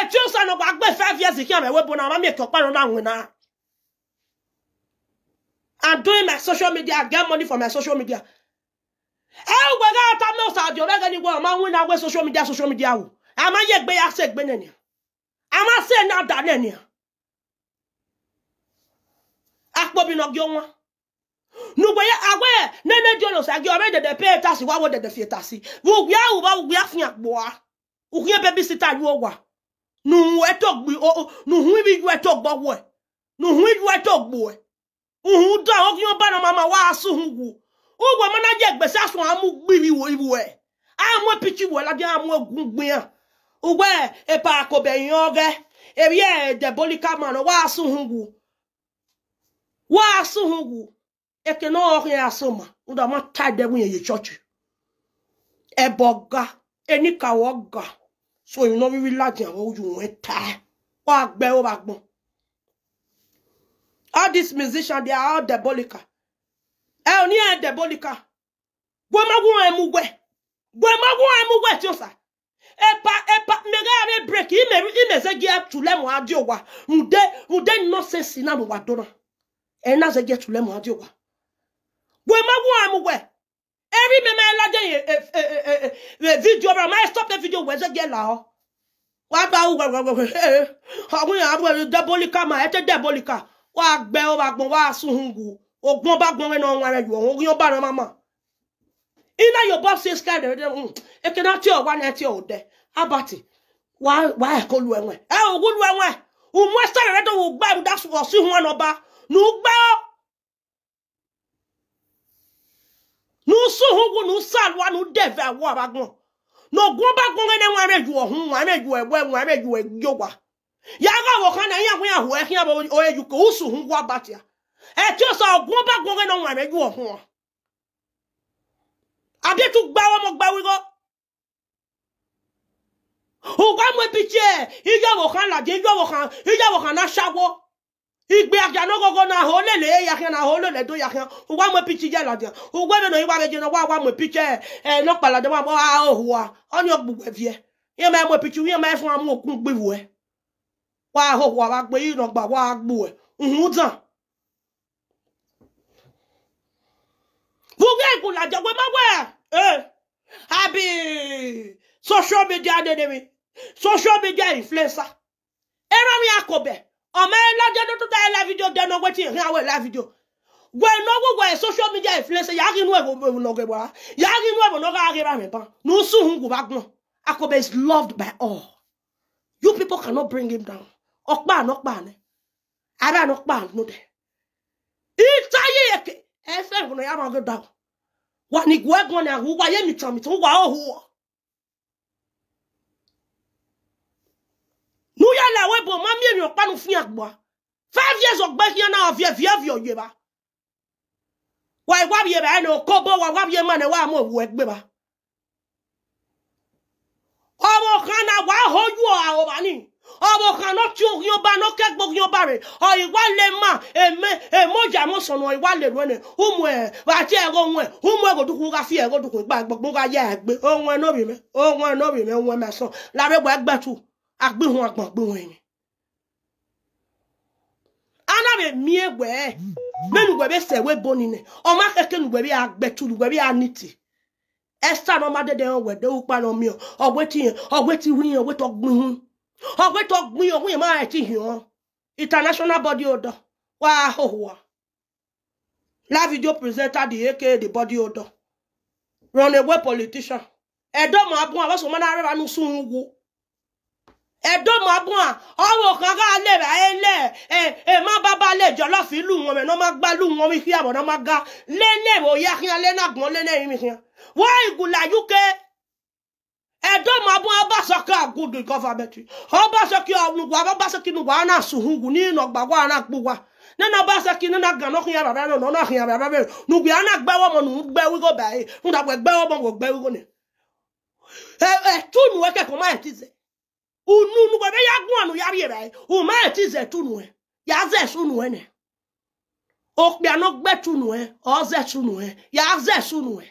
etiosa no pa gbe 5 years ki amewe bo na ma mi topa no na won na I'm doing my social media. I get money from my social media. Ẹ̀wẹ̀ ká ta mẹ́ ọ̀sàdì ọ̀rẹ́ gẹ́ni wọ́n máa ń wí náà wẹ́ social media social media I'm A máa yẹ gbé I'm sẹ́ gbé nẹ̀nìyà. A máa sẹ́ náà dà nẹ̀nìyà. akpọbino gị ọnwa n'ugbo ya agwa ya na-eme dionos agị ọrụ edede pe tasi gwa wo dede fie bụ ugwu ya ụba ugwu ya fụnya gbụa ugwu ya sita ruo gwa n'uhu ibi e ju eto gbọgwụ n'uhu ibi eto gbụọ e uhu do ogi ọba na mama wa asụ ugwu ugwu mana asụ gbiri wo iwe amụ epichi wo amụ egwu ya ebi ya e, wa asụ ugwu wa aso hogu eke no ori asoma uda ma tade wu ye church e boga eni ka woga so you know we will lati awon oju won ta wa gbe o ba all these musicians they are all diabolical e oni e diabolical gwe magun emugwe gwe magun emugwe ti o sa eba eba megare break ime ime ze gi up to lemu adiowa nde nde nonsense na wa dona ena ze get ulemu adi wa we ma wo am every me ma la je e, e, e, video bro ma stop the video we ze get la ho wa gba wo ogun ya bo diabolica ma e te diabolica wa gbe o ba gbon wa suhungu ogun ba gbon we na won ara ju ba mama ina your boss says kind of mm, e cannot tell one at your day abati why why call you enwe e ogun lu enwe o mo sare re to wo gba ru da so si ba n'ugbawo n'usuhugu n'usalwa n'udeve awo abagwo n'ogun bá gún ẹni wọn ẹrẹ́jù ọ̀hún wọn a ẹ̀wẹ́ wọn ẹrẹ́jù ẹ̀yọ́wà yàrá àwọn kan náà yàgùn yàhùn ẹ̀hìn àbọ̀ ọ̀yẹ́jù kò ó sùn wá bàtìyà ẹ̀ tí ó sọ ọ̀gún bá gún ẹni wọn ẹrẹ́jù ọ̀hún wọn. àdètú gbáwọ́ mọ́ gbáwí rọ́ ògbà mọ́ ebi tiẹ̀ ìjọ̀wọ̀ kan làjẹ́ ìjọ̀wọ̀ kan ìjọ̀wọ̀ kan náà ṣàwọ́. igbe ahịa n'ogogo na ahụ ole na ya ahịa na ahụ ole na-edo ya ahịa ụgwa nwepichi je ladia ụgwa ebe na ịgwa gị n'ọgwa agwa nwepiche e n'ọkpala dị gbagba agha onye ọgbugwevie ihe ma enwepichi ihe ma efu amụ okwu mgbiwue gwa ahụ gwa egwu na jagwe magwe on my la de to ta la video de no wetin hin awe la video we no go go social media influencer ya ri nu e go no go wa ya ri nu e go no ga ri ba me pan no su hun go ba gbon akobe is loved by all you people cannot bring him down ọ̀pá no pa ni ara no pa no de itaye eke e fe go no ya ma go down wa ni go e gon ni awu wa ye mi chan mi tun wa o ho Buya la we bo mami mi okpa nu fun agboa. 5 years ogbe hian na ofie fie fie oye ba. Wa igwa bi e ba na okobo wa wa bi e ma na wa mo wu egbe ba. Owo kan na wa hoju o awo ba ni. Owo kan no ti ogun ba no kegbo gun ba re. O igwa le ma eme emoja mo sonu igwa le ru ne. Umu e wa ti e go nwe. Umu e go duku ga fie go duku gba gbogbo ga ya egbe. Ohun e no bi me. Ohun e no bi me. Ohun e La re gbo egbe tu agbehun agbagbehun ẹni anabe mie gbẹẹ mẹnugbe bẹ sẹwẹ boni nẹ ọmọ akẹkẹ nugbe bẹ agbẹtu nugbe bẹ aniti ẹsẹ àná ọmọ adẹdẹ ọwẹ dẹwù pa ọmọ yẹn ọgbẹ ti yẹn ọgbẹ ti hu yẹn ọgbẹ tó gbin hu ọgbẹ tó gbin ọgbẹ yẹn máa ti hìn ọ international body odor wà á hòhùwà la video presenter di aka the body odor runaway politician ẹdọ mọ abúlé àwọn sọmọdé arẹwà nù sùn wù ẹdọmọ abúlé ọwọ kan ká lè ẹlẹ ẹ e, ẹ e má bá bá lè jọ lọfi lù wọn mẹ náà má gbá lù wọn mi kí àbọ̀ náà má ga lẹ́nẹ̀ wò yá kí wọn lẹ́nà gbọ́n lẹ́nẹ̀ mi kí wọn. wọ́n ìgùlà yúkẹ́ ẹdọmọ abúlé ọbaṣọkẹ àgùdù gọfàmẹtì ọbaṣọkẹ ọnùgbà ọbaṣọkẹ nùgbà ọ̀nà sùhùngù ní ìnàgbàgbà ọ̀nà gbùgbà nana basa ki nana gana kun yàrá nana nana kun yàrá bẹ nùgbì àná gbẹwọ mọ nù gbẹwí kò báyìí nùdàgbẹ gbẹwọ mọ kò gbẹwí kò ní. ẹ ẹ túnú ununu bɛbɛ yagun anu yari yɛrɛ ye o ma eti zɛ tunu yɛ yazɛ sunu yɛ nɛ okpianu gbɛ tunu yɛ ɔzɛ sunu yɛ yazɛ sunu yɛ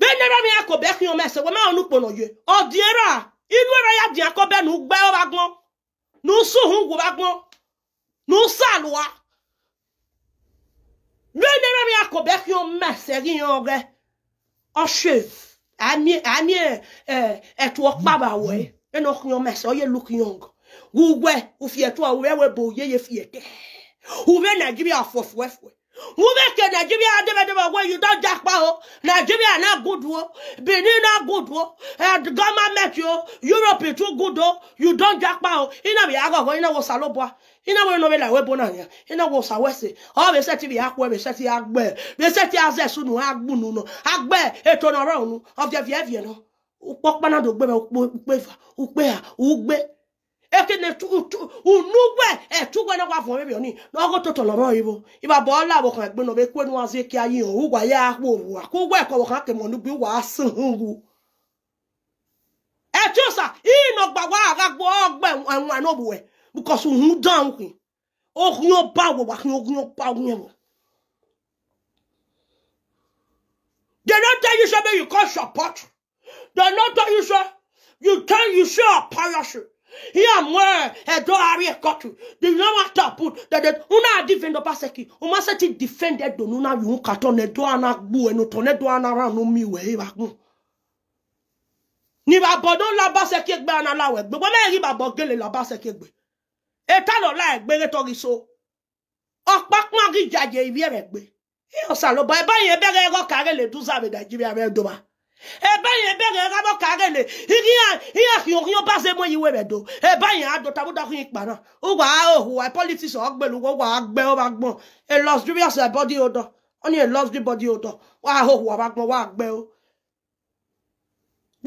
bɛnɛ bɛ mi akɔ bɛ fi ɔmɛ sɛ wɔmɛ ɔnu kpɔnɔ yɛ ɔdiɛ ra inu yɛrɛ ya diɛ kɔ bɛ nu gbɛ ɔba gbɔn nu suhun wo ba gbɔn nu saluwa bɛnɛ bɛ mi akɔ bɛ fi ɔmɛ sɛ yi yɛ ɔgɛ ɔsɛv ani ani etu okpaba we eno kunyo mes oye look young wugwe ufie tu awewe bo ye ye fiete uve nigeria afofwefe Women ke Nigeria debe when you don't jack baho. Oh? Nigeria not good wo. Oh. Benin not good wo. Oh. And government yo. Europe too good wo. You don't jack baho. Ina bi ago go ina wo salobwa. ina we no be la we bona ina wo sa wese ọ oh, be se ti bi akwo be se ti agbe be se ti azesu nu no agbe eto no ra of the vie no upo do gbe upe fa upe ha ugbe eke ne tu tu unugbe e tu na no kwa fo oni no go ibo iba bo la bo kan gbe no be ya akwo wa because ohun dan ohun ohun ọba wọ̀wà ohun ọba ohun ẹ̀wọ̀n. They don't tell you something you call support. They don't tell you so. You tell you show a parachute. Here I'm where a door area cut Do you know what to put? That that una defend the paseki. Uma set it defended the nuna you katon a door and a boo and a tornado and around no me where you Ni babo don la baseki egbe analawe. Gbogbo me ri babo gele la baseki egbe la etalọla egbere toriso ọkpakpagi jaje ibieregbe ịọsalụba e e ebe anyị ebere ego karịlị duzabe naijiria medoba ebe anyị ebere egabo karịlị ihe ahịohio baze emoyi weredo ebe anyị adụtabụdahụ ikpana ụgwa ohuwa politiks ọgbelu ụgwọ ụgwa agbe ụbagbọ elosdurius body odor onye elosdri body odor wa ahụhụ wabagbọ wa agbe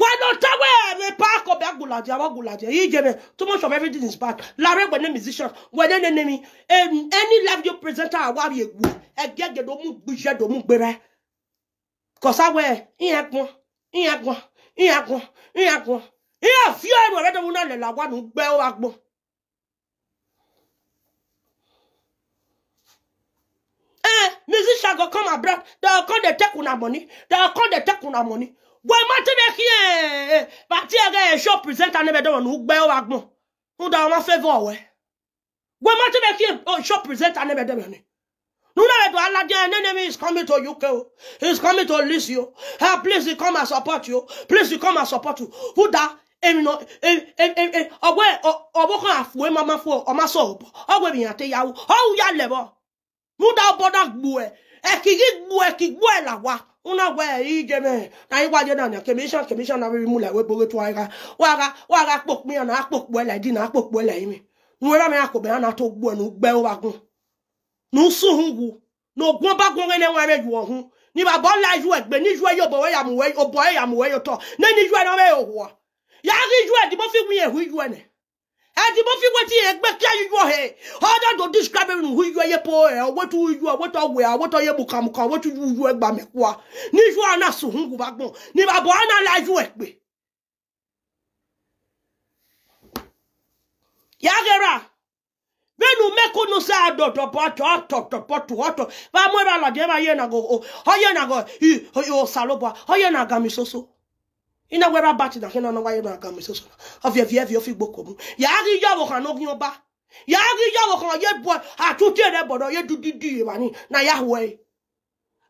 wa nọtawe every pack of gulaje awa gulaje too much of everything is bad when wene musician wene nene mi any um, live you presenter awa bi egwu egege do mu gbije do mu gbere kosa we iyan gbon iyan gbon iyan gbon iyan gbon iyan fi ero re do na le lawa nu gbe o agbon Eh, musician go come abroad. They'll come, they take our money. They'll come, they take our money gwe matene kie pati ege e show presenter nebe dowo nu gbe o agbon nu da ma favor we gwe matene kie o show presenter nebe dowo ni nu na do ala dia enemy is coming to UK is oh. coming to list you hey ah, please come and support you please you come and support you who da emi. nọ ọgbẹ ọgbọkọ àfùwé máa máa fọ ọmọ sọ ọbọ ọgbẹ mi àti ìyàwó ọwọ ya lẹbọ múdà ọbọdà gbọ ẹ e? ẹkìkì e gbọ ẹkì e, gbọ ẹ làwa una we ijeme na iwa je na commission commission na we mu la we bogo to ara wa ra wa ra popo na popo ele di na popo ele mi nwe ra me akobe na to gbo nu gbe o bagun nu su hun wu no gun bagun ele wa re ju ohun ni babo la ju egbe ni ju e yo bo we ya mu we obo e ya mu na ni ju e na me yo wo ya ri ju e di mo fi mi e hu ju ne And if you want to expect you your head, how describe who you are, poor, what you are, what are we what are you what you so hungry back ni Never born alive, you work me. Eh, Yagera. Benu meko no sa do to po to to to po to to. Ba mo la de ba ye ina wera bati na hina na waye na aga misoso avye vye vye ofi gboko mu ya ri yawo kan no oba ya ri yawo kan ye bo atute re bodo ye dudidi wa ni na yahwe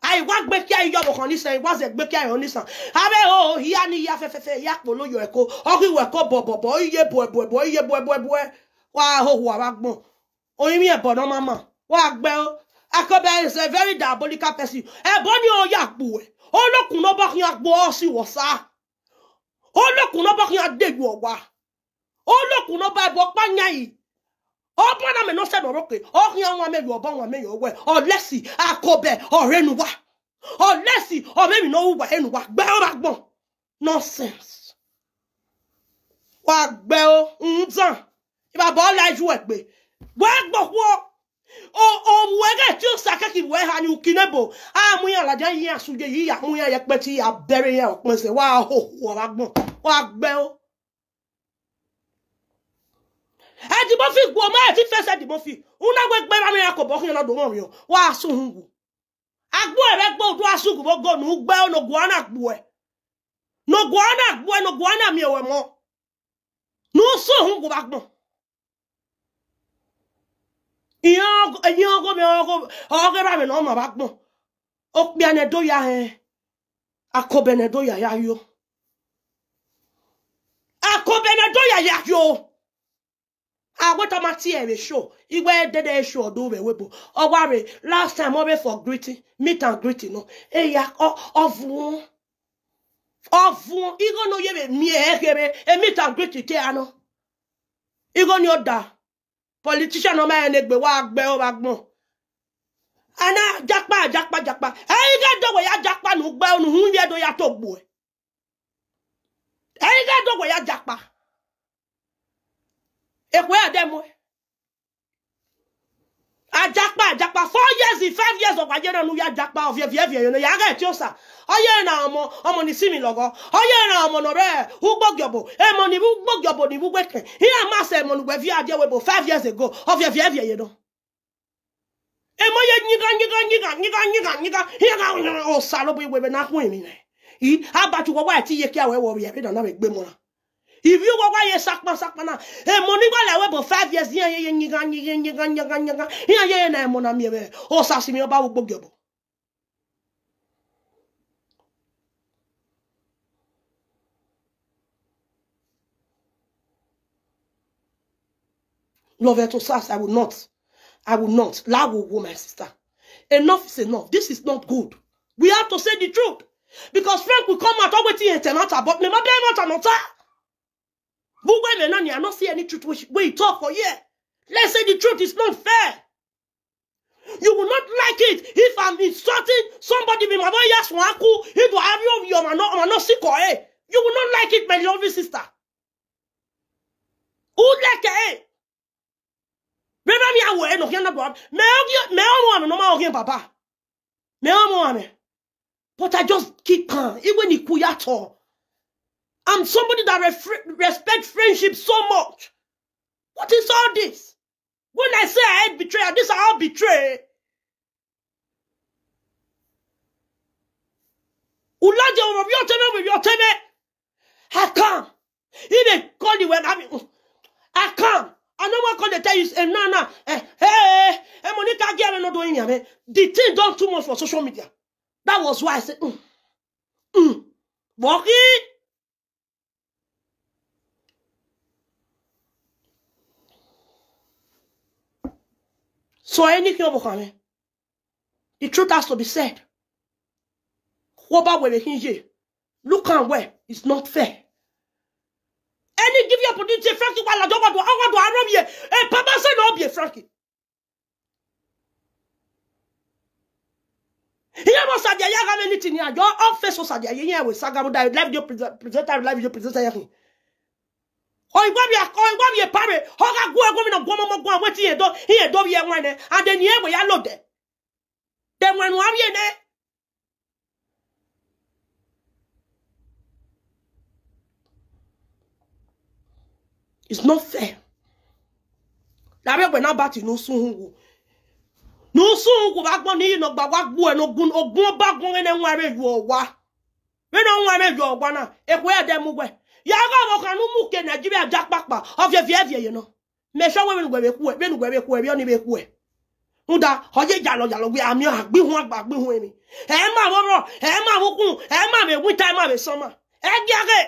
ai wa gbe ki ai yawo kan nisan wa se gbe ki ai nisan abe o iya ni ya fe fe fe ya po loyo eko ori we ko bo bo bo iye bo bo bo iye bo bo bo wa ho wa wa gbon oyin mi e bo mama wa gbe o akobe is a very diabolical person e bo ni o ya po e olokun no ba kin agbo o si wo sa olókun no bokin adegu ogwa olókun no ba bo panya yi ọbọ na mẹnu sẹ lọrọkẹ ọhún àwọn amẹyọ ọbọ àwọn amẹyọ ọwẹ ọlẹsì akọbẹ ọrẹnuwa ọlẹsì ọmẹmí náà wùwà ẹnuwa gbẹ ọba gbọn nonsense wàá gbẹ ó ń tàn ìbàbọ ọlá ju ẹgbẹ wàá gbọ wọ. owuwe ga-eti ose aka ha anya ukine bụ amụ ya alaja ihe ya sụje ihe ya amụ ya ya kpecha ya bere ya okpese wa ahụhụ wagbe edimofi gwuo ma eti fesa edimofi una gwe gbera na ya kọ bọhụ ya na domo mi wa asụ ngwu agbo ere gbo odu asụ gbo go na ugbe no guana gbo e, no guana gbo no guana mi ewe mo no so ngwu bagbo ihe ọgọbe ọgọbe na ọma bakpọ okpia na-edo ya he akọbe na-edo ya ya yo akọbe na-edo ya ya yo agwatamati ere show igwe dede show ọdụ ube wepụ ọgwarị last time ọbe for greeting meet and greeting no eya ọvụọ ọvụọ igo na oyebe mie eghere e meet and greeting te anọ igo na politician ọmọ ẹni gbé wá gbẹ ó wá gbọn ana japa japa japa ẹyin ká dọwọ ya japa nù gbẹ ọnù hún yẹ dọ ya tó gbò ẹ ẹyin ká dọwọ ya japa èkó ẹ dẹ mọ ẹ ajapa ajapa four years in five years ọkọ ajé náà nu ya ajapa ọfìẹfìẹfìẹ yẹn yàrá ẹ tí ó sà ọyẹ ẹ̀nà ọmọ ọmọ ní sími lọ́gọ ọyẹ ẹ̀nà ọmọ nọ̀rọ̀ ẹ̀ ugbọ́gìọ̀bọ̀ ẹ̀mọ ní ugbọ́gìọ̀bọ̀ ní ugbẹ́kẹ̀ ìyá máa sẹ ẹ̀mọ nùgbẹ́ fi adé wẹ̀bọ̀ five years ago ọfìẹfìẹfìẹ yẹn náà ẹ̀mọ yẹ nyika nyika nyika nyika nyika nyika ìyá ká ọ̀sà ló bọ̀ ìwé bẹ̀ náà kún èmi náà yìí abatukọ̀ wáyà tí yẹ kí àwẹ̀ wọ̀ yẹ̀ bí nàá náà gbé mọ́ra. If you go why sakpa sakpa na, eh money go lewe but five years yin yin yin yin yin yin yin yin yin yin yin na mo na mi be. O sasi mi oba wo gbogbogbo. Love to sas, I will not. I will not. La will go, my sister. Enough is enough. This is not good. We have to say the truth. Because Frank will come out, always in a tenata, but me, my not another. Bugwe Menani, I not see any truth which we talk for here. Let's say the truth is not fair. You will not like it if I'm insulting somebody with my voice for uncle. If I have your man, I'm not sick or eh. You will not like it, my lovely sister. Who like eh? Bébá mi àwọ̀ ẹnu kí ẹ nàbọ̀ mẹ́ọ́ mú àmì nọ́mọ́ ọ̀gẹ́ bàbá mẹ́ọ́ mú àmì but I just keep on, even if ìkú yàtọ̀ I'm somebody that respect friendship so much. What is all this? When I say I hate betrayal, this are all betray. Ulaje omobi with your oteme. Oh, I come. He dey call you when I mean, I come. I know what call they tell you say na na eh hey eh, eh, eh Monica girl no do yam. Eh. The thing done too much for social media. That was why I said mm, mm. Walking. So anything ọbọkan mi the truth has to be said wọ́n bá wẹ̀rẹ̀ kí look and well it's not fair any give you opportunity frankie while wà lájọ wàdùn àwàdùn àrùn yẹ ẹ bàbá sẹ́yìn náà bìí frankie. ìyá mọ̀ sàdìyà yàrá mi ní tìǹyà jọ ọ́ fẹ́ sọ sàdìyà yẹn yẹn wò sàgàmù dá live video presenter live video presenter yẹn oigbabia oigbabia pare ọ ga-agwụ egwu m na gwọmọmọgwụ a nweta ihe edobi ya nwene adenye egbe ya lode de nwenu ariene It's not fair. Lábẹ́ ẹgbẹ̀ Na bá ti n'ogun e ogun ọba yaga moka nu muke na jibe ajakpakpa ofye vie vie ye no me so we nu gbe ku e be nu gbe ku e bi oni be ku e nda hoje jalo jalo gbe ami agbi hun agba agbi hun emi e ma wo ro e ma wo kun e ma me wi time ma me soma e giare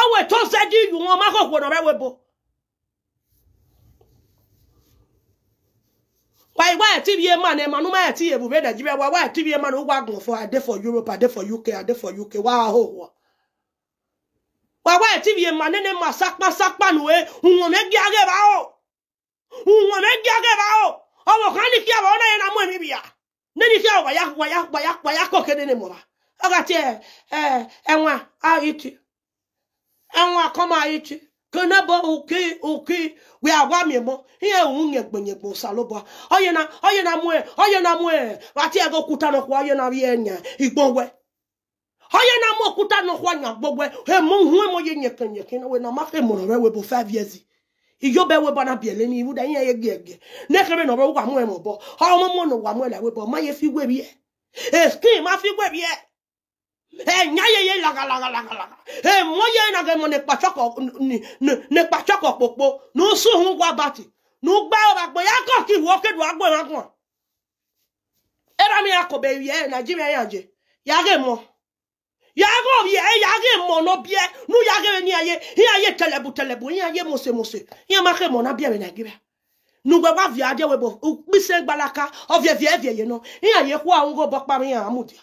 owe to se ji yu won ma ko gbodo be we bo why why tibie man e manu my tie bu be Nigeria why why tibie man wo gwagun for ade for Europe ade for UK ade for UK why ho why why tibie man ma sakpa sakpa nu e me gi age ahụ. o me gi age ba o owo kia mo mi biya kia wa ya wa ya wa ya wa ya ko kede mo ba eh enwa a enwa koma kanabo oke oke we awa mi mo ihe un yegbo yegbo salobo oye oh, na oye oh, na mu e oye oh, na mu e ati e go kuta no kwa oye na bi enya igbo we oye na mu kuta no kwa nya we e mo hu e mo ye nyekan nyekan we na ma fe mo we bo 5 years iyo we webɔ na biɛlɛ ni iwu da yɛn yɛ gɛgɛ ne kɛmɛ na ɔbɛ wɔ amu ɛmɔ bɔ ɔmɔ mɔ na wɔ la we webɔ ma ye fi wɛ biɛ eskin ma fi wɛ biɛ enyayeye lagalagalaga emoye nage mo nekpatsɔkɔ kpokpo nusuhu guabati nugba ɔbagbo yakɔ kiwu okedu agbo nakua erami akobe wie nigeria yanje yage mɔ yage wie yage mɔ nɔbie nu yage ni aye yaye telebu telebu yaye mose mose yamake mɔ nabie be nigeria nugbɛgba via de webo kpise gbalaka ɔvievie vie yenɔ yaye kó awo ŋgɔ bɔ kpami ya amudia.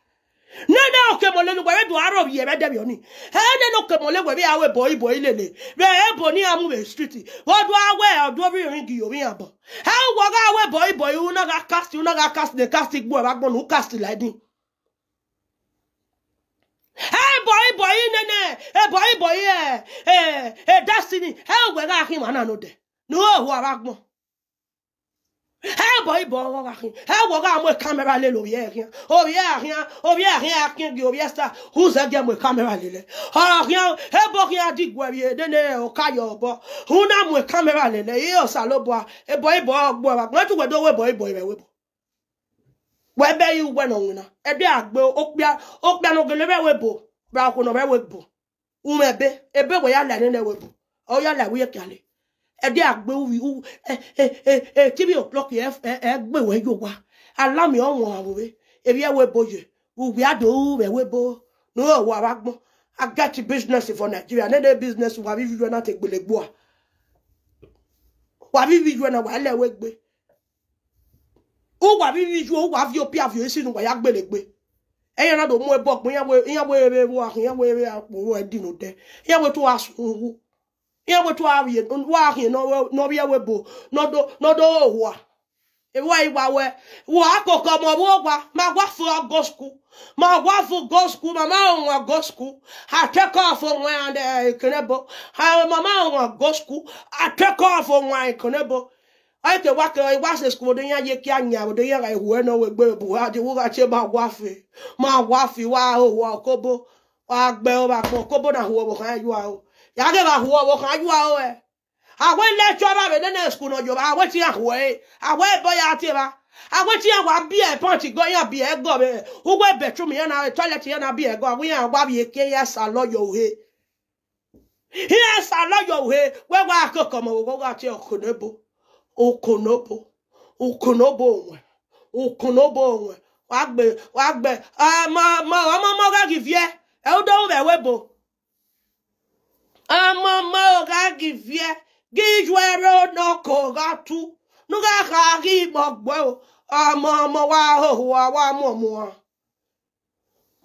nene okemole ni gwere duaro bi ebe debi oni ene no kemole gwe bi awe boy boy lele be ebo ni amu be street odu awe odu bi yin gi yomi abo he wo ga awe boy boy una ga cast una ga cast the cast gbo ba gbonu cast like din hey boy boy nene hey boy boy eh, eh eh destiny he gwe ga hin wa na no de no ho wa gbonu Hey Hey boy, boy, boy! ẹbọ ibọ ọrọra hin ẹwọ ra mọ kamẹra lé lórí ẹrin orí ẹrin orí ẹrin akíngi orí ẹsẹ húzẹ gẹ mọ kamẹra lélẹ ọrọ hin ẹbọ hin adigun ẹrí ẹdẹnẹ ọkayọ ọbọ hún náà mọ kamẹra lélẹ yìí ọsà ló bọ ẹbọ ibọ ọgbọra mọtò wẹdọ wẹbọ ibọ rẹ wẹbọ wẹbẹ yìí wẹnà wẹnà ẹbí àgbẹ ọkpianogele bẹ wẹbọ bàkùnà bẹ wẹbọ wùmẹbẹ ẹbẹ wẹ yà lẹ nílẹ wẹbọ ọ yà lẹ wíyẹ kẹlẹ ẹdẹ àgbẹ wíwú ẹ ẹ ẹ ẹ tíbi òkúlọkì ẹ ẹ gbẹwẹ yóò wá alámì ọwọn àwòrán èmi ẹwẹ bòyè ùgbé àdó ẹwẹ bò ní ọwọ àwágbọn agati business for nigeria nẹdẹ business wà bí wíwú ẹ náà ti gbèlè gbó a wà bí wíwú ẹ náà wà á lẹwẹ gbé ó wà bí wíwú ó wà fi òpí àfihàn sínú wà yá gbèlè gbé ẹyẹ náà ló mú ẹ bọ pé ìyàwó ẹ bọ ìyàwó ẹ bọ àpò ẹdínú dẹ ìyàwó tó wà sùn wù. ihe wetu ahụ n'ọbịa webụ n'ọdọ ụwa ewe igbawe wụ akụkọ maọbụ ụgwa ma gwafu gosku ma gwafu gosku mama nwa gosku ha chekọ afọ nwa ya e ekenebo ha mama nwa gosku ha chekọ afọ nwa ekenebo aite e wake iwase e skudo nya ye kia nya bodo ya gai huwe no wegbe bu ha di wuga che ma gwafi ma gwafi wa kobo o ba na huwo bo ha yu ahụ ya ge ba huo bo ka yu ao e awe le cho ba be nene school no jo ba awe ti ahu e awe bo ya ti ba awe ti awa bi e pon go ya bi e go be ugwe bedroom ya na toilet ya na bi e go awe ya gwa bi e ke ya salon yo he Here salon yo he we wa akoko mo go ga ti okonobo okonobo okonobo onwe okonobo onwe wagbe wagbe ama ah, ama ama ga give ye e do we webo Ama amama gagivie gijuere noko gatu nuga gagi ama amama wa ho wa momo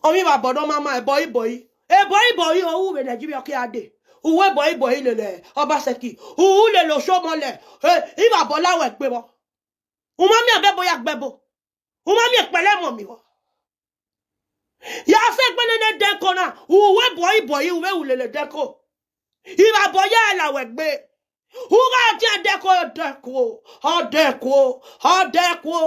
omi ba bodo mama e boy boy e boy boy o we Nigeria ki ade uwe boy boy lele Obaseki u le lo so mole e iba bola we pe mo umami abe boya gbebo umami epele mo mi ya se pe ne deko na uwe boy boy uwe ulele deko Iba la ìràbọ̀yá ẹ̀làwẹ̀ gbé wúrà tí ẹ̀dẹ́kọ̀ ọ̀dẹ́kọ̀ ọ̀dẹ́kọ̀ ọ̀dẹ́kọ̀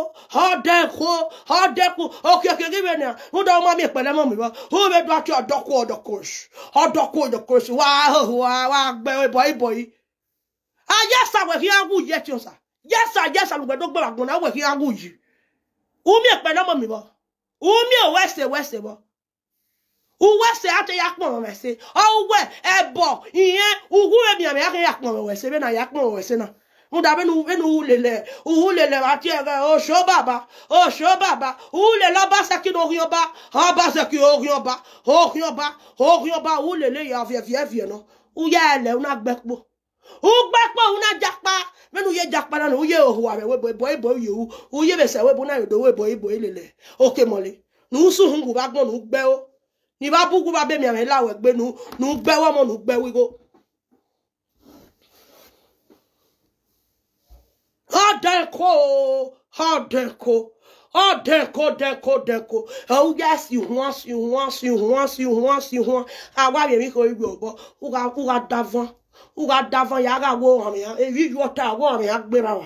ọ̀dẹ́kọ̀ ọ̀dẹ́kọ̀ òkè òkè ríbe nìyà wúdà Who mi pẹ̀lẹ́ mọ̀ mi wá wúrà ẹ̀dọ́ àti ọ̀dọ́kọ̀ ọ̀dọ́kọ̀ọ̀sì ọ̀dọ́kọ̀ boy, boy! wá gbẹ ìbọ̀ ìbọ̀ yìí. ayẹ́sà ah, wẹ̀ hí agùn yes. ti ọ̀sà yẹ́sà yẹ́sà lùgbẹ́dọ́gbẹ̀rẹ̀ go náà wẹ̀ hí agùn yìí Who pẹ̀lẹ́ mọ̀ mi wá wúmi ò wẹ́sẹ̀ wẹ́sẹ̀ wọ́ Uwe uwese ate yakpɔn wɛse ɔwɛ ɛbɔ ihe uhu emiam yake yakpɔn wɛse bena yakpɔn wɛse na muda bena bena ulele uhulele ati ɛgɛ osho baba osho baba ulele ba seki ki ohin ɔba ɔba seki ohin ɔba ohin ɔba ohin ɔba ulele ya fiɛfiɛfiɛ no uya ɛlɛ una gbɛkpo ugbɛkpo una dzakpa menu ye ye dzakpa nanu uye ohun awɛ webo ebo ebo yewu uye bese webo na yodo webo ebo elele oke mɔli nusu hungu ba gbɔ nu gbɛ o ni ba bugu ba be mi ame lawe gbe nu nu gbe wo mo nu gbe wi go ha de ko ha de ko Oh, deco, deco, deco. Oh, yes, you want, you want, you want, you want, you want. Àwa yẹ̀mí kò rí gbogbo. Ó ga davon. Ó ga davon yàrá wo àmì. Èyí yọ̀ta àwọn àmì àgbéra wa.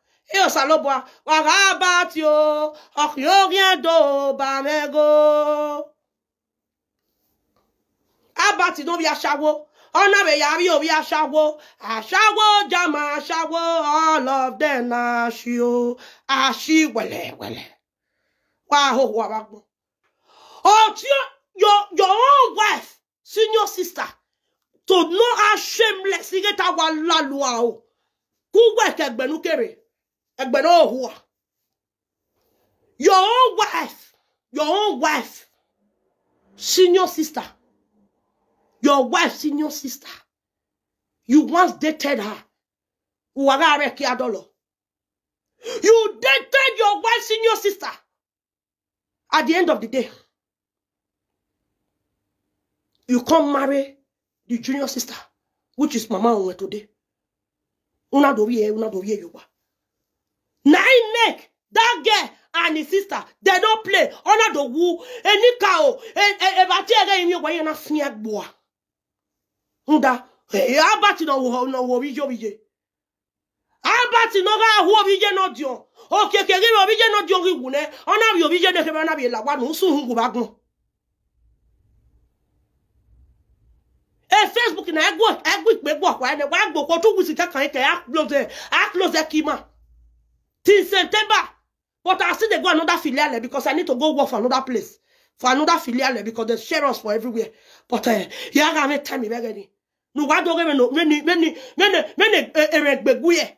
eo salobua warabatio orioriendo banego abati no bi aṣawo ọ̀nà rẹ̀ yàrí òrí aṣawo aṣawo jama aṣawo all of them na ṣio aṣi wẹ̀lẹ̀wẹ̀lẹ̀ wá hóhó ara gbọ́. ọtí your own wife senior sister to no know Let's shameless ìrètà wa lálùwà o kú wẹ̀kẹ̀gbẹ̀nú kéré ẹgbẹ́ náà hùwà your own wife your own wife senior sister your wife senior sister you once dated her wàrà rẹ kí a dọlọ you dated your wife senior sister at the end of the day you come marry the junior sister which is mama onwe today una dori e una dori e yoruba na im make dat girl and his sister dem no play honor the wu enika o ebati ere imi ogbe yẹn na sin agboa nda abati na wo obije obije abati na ga ahu obije na di o okeke ri obije na di ori wune ona bi obije de kebe na bi lagba nu sun hun gubagun e facebook na egwu egwu ipe gbo kwa ene wa gbo ko tugu si kakan ke a close a close kima till September. But I still they go another filial because I need to go work for another place. For another filial because they share us for everywhere. But uh, you have any time you any. No, why don't even know many, many, many, many, many, many,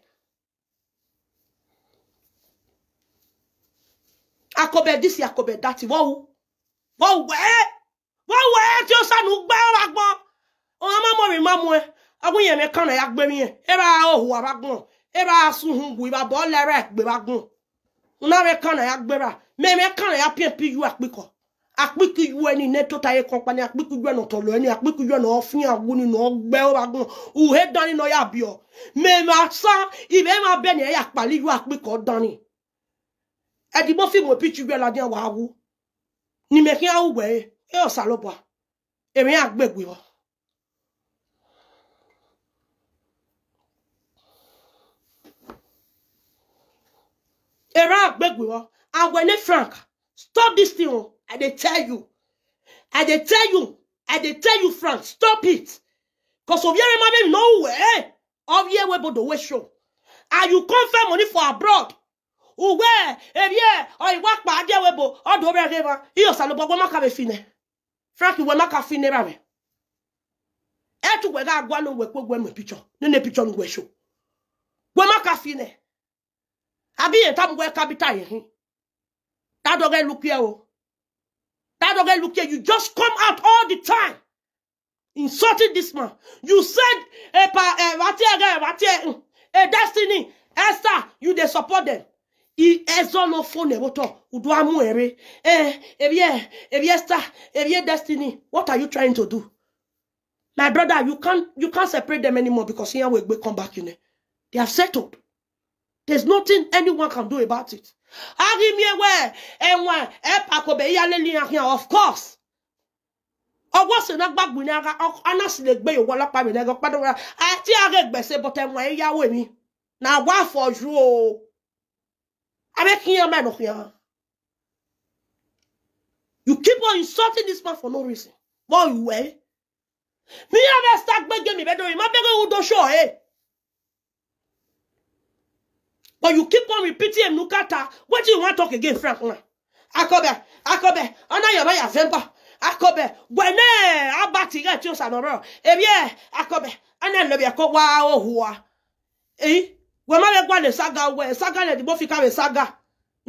Akọbẹ disi akọbẹ dati wọ́n wù wọ́n wù ẹ́ wọ́n wù ẹ́ tí ó sànù gbẹ́ wá gbọ́n ọmọ mọ̀rin máa mú ẹ agúnyẹ̀mẹ̀ kan náà yà gbẹ́rin yẹn ẹ bá òhùwà bá gbọ́n eba asu gu iba bo lere gbe ba una re kana ya gbera me me kana ya pie pi yu apiko apiko yu eni ne to taye company apiko yu no tolo eni apiko yu no ofin awu ni no gbe o bagun. gun u he dani no ya bio me ma san ibe ma beni ni e ya pali yu apiko dani edibo fi mo pichu yu la dia wa ni me kin awu gbe e o salopa èmi àgbègbè wọn Iran Begwiwa, Awele Frank, stop this thing. I dey tell you. I dey tell you. I dey tell you, Frank, stop it. Because of my money nowhere. Of here we but the way show. And you come find money for abroad. Uwe, ebie, eh, or you work by a webo, or the other river. Iyo salobo, wema kabe fine. Frank, make a fine rawe. Etu wega agwa no wekwe gwe me picture. Nene picture no we show. Wema ka fine. Abi, tam gwe kabita ye hin that dog look here oh that dog look here you just come out all the time insulting this man you said eh, pa eh wati aga wati eh destiny Esther you dey support them i ezolophone woto uduamu ere eh ebie ebie Esther ebie destiny what are you trying to do my brother you can't you can't separate them anymore because here we come back you know they have settled There's nothing anyone can do about it. Arimiewe, enwa, epakobe yale liyan of course. Ọwọ́ sì náà gbàgbé ní ara ọ̀nà sì lè gbé ìwọ ọlọ́pàá mi lẹ́gàn pàdé wọn àti ààrẹ gbèsè bọ̀tẹ̀ ẹ̀wọ̀n ẹ̀yáwó e mi nà wá fọ̀jú o. Abẹ́kíyàn mẹ́rin fi hàn. You keep on insulting this man for no reason. Bọ́ọ̀lù wẹ̀. Eh? Mi yàrá ẹ̀ sá gbẹ́gẹ́ mi bẹ́ẹ̀ dọ̀rọ̀ ìmọ̀ bẹ́ẹ̀ kí n wo do ẹ̀. But you keep on repeating Nukata. What do you want to talk again, Frank? Akobe, Akobe, Ana Yaba Yavemba, Akobe, Gwene, Abati Gatios Amaro, Ebie, Akobe, Ana Lebiako, Wow, Hua. Eh? Wọ́n máa ń gbọ́ lè sága wẹ̀ sága lè dìbò fi kàwé sága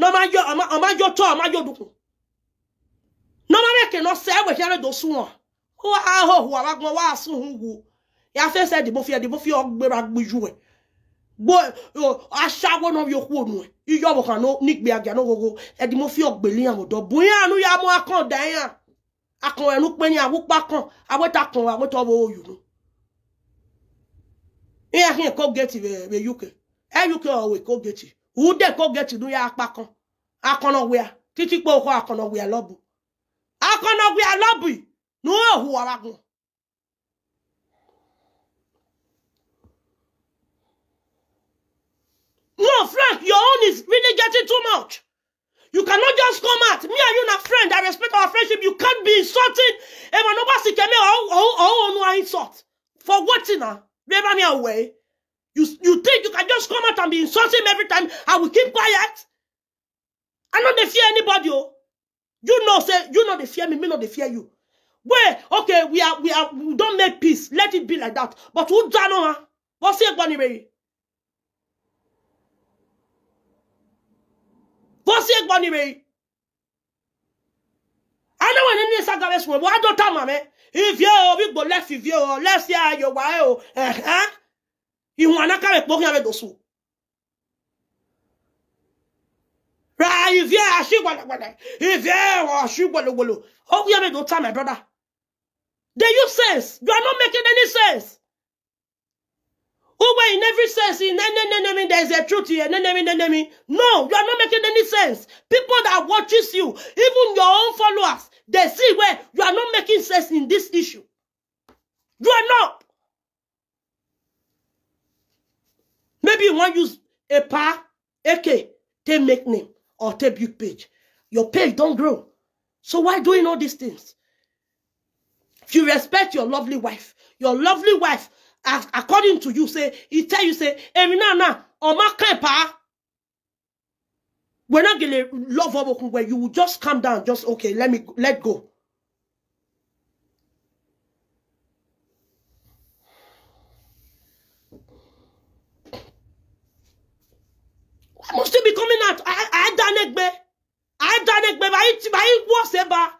náà máa yọ ọ̀ máa yọ tọ́ ọ̀ máa yọ dùkùn náà No mẹ́kẹ̀ náà sẹ́ ẹ̀wẹ̀ fẹ́rẹ̀ dò sùn ọ̀ wọ́n á họ̀ hùwà wá gbọ́n wá sùn hù wò yà fẹ́ sẹ́ dìbò fi ẹ̀ dìbò fi ọ̀ gbéra gbìyù ẹ̀. Boy, yo, ashawo no yo kwo nu. Iyo bo kan no nikbe agia no gogo. E di mo fi ogbele an odo. Buyan anu ya mo akan da yan. Akan enu pe ni awupa kan. Aweta kan wa mo to bo oyu nu. E a hin ko get be be UK. E UK o we ko get. Who de ko get nu ya apa kan. Akan no we a. Titi pe o ko akan no we a lobu. Akan no we a lobu. Nu o hu wa No, friend, your own is really getting too much. You cannot just come at me and you na friend. I respect our friendship. You can't be insulting. Eba no ba si keme or no insult. For what now? Remember me away. You you think you can just come out and be insulting him every time? I will keep quiet. I not they fear anybody. Oh. You know, say you know they fear me, me know they fear you. Wait, okay, we are we are we don't make peace. Let it be like that. But who done? What's it going to be? vosie gbɔni be anawo ne ne sagabe sun bo ado ta mame ifie o bi gbo left ifie o left ya yo wa e o eh eh ihun anaka be po kin abe dosu ra ifie ashi gbadagbada ifie o ashi gbologbolo o kin abe do ta my brother they use sense you are not making any sense who were in every sense in enemy there's a truth here enemy enemy no you are not making any sense people that watches you even your own followers they see where you are not making sense in this issue you are not maybe you want use a pa ak take make name or take page your page don't grow so why doing all these things if you respect your lovely wife your lovely wife according to you say he tell you say èmi náà náà ọmọ kẹpa we're not gonna love obokun where you will just calm down just okay let me let go. I must still be coming out. I I done it, I done it, I I was ever.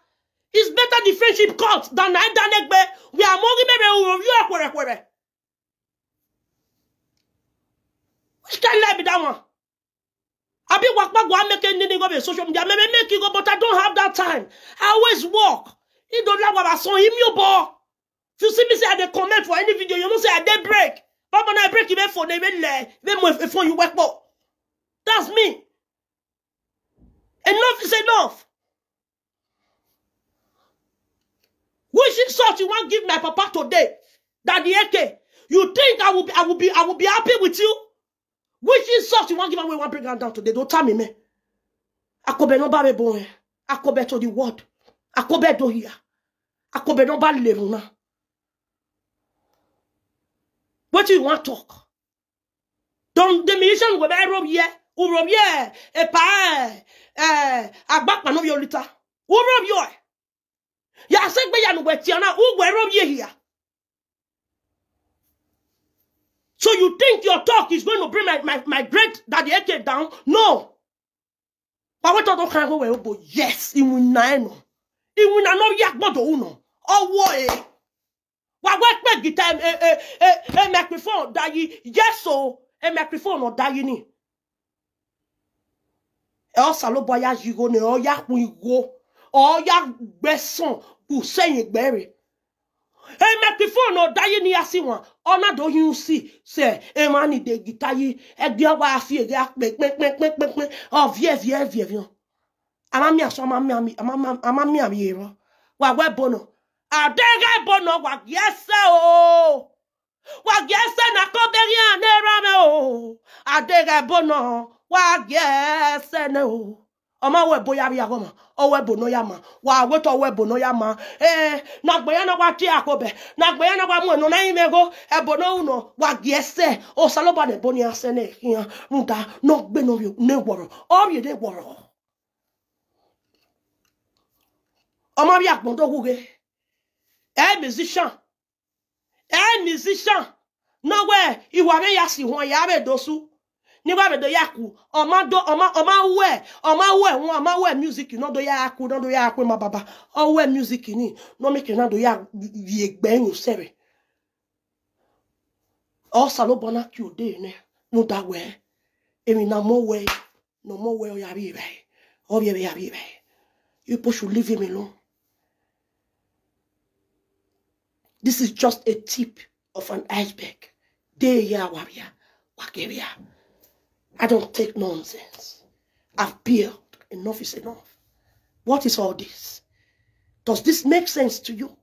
It's better the friendship cut than I done it, We are more we women who review Skyline be that one. I be work back, I make anything go be social media. I make it go, but I don't have that time. I always work. He don't like what I saw him, you boy. If you see me say I dey comment for any video, you know say I dey break. But when I break even phone, even le, even my phone you work for. That's me. Enough is enough. Which insult you want give my papa today? Daddy AK. you think I will be, I will be, I will be happy with you? Which is Jesus you won't give away one breakdown down today? Don't tell me, man. Akobe no ba me bon. Akobe to the word. Akobe do here. Akobe no ba level now. What you want talk? Don't the mission go be rob here. U rob here. E pa eh man of your litter. U rob here. You se gbe ya no gbe ti na u gbe here here. So you think your talk is going to bring my, my, my great daddy AK down? No. But what don't kind of way go? Yes, in winano. In winano yak but uno. Oh way. Wa wa pe gita eh, eh. e e microphone dayi. Yes so e microphone no dayi ni. E o salo boya jigo ni o ya kun igo. O ya Who ku it, gbere no emekpifon odaye na ya si nwa ọ na-adọghị nsi se emani degitayi egbiagbasi ege ami ọvievievievio Wa wagwe bono adege bono wagiese o wagiese na koberi a na-ere ame o adege bono wagiese na o ọma webo ya bịa goma owebo no ya ma wa weta owebo no ya ma ee na agba ya nakwa ti akobe na agba ya nakwa mwe no na ime go ebo no uno wa giese o saloba ne boni na ne ya nta n'ogbe gbe no bi ne gworo o bi de gworo ọma bịa akpọ ntọ gwuge ee musician ee musician nọgwe ihu ya si hụ ya abe edosu. niba do yaku oma do oma oma we oma we won oma we music no do yaku no do yaku ma baba o we music ni no make na do ya yegbe yun sere o salo bona ki o de ne no da we emi na mo we no mo we o ya bi be o bi be ya bi be you push to leave him alone this is just a tip of an iceberg. There ya warrior. Wageria. I don't take nonsense. I've peeled. Enough is enough. What is all this? Does this make sense to you?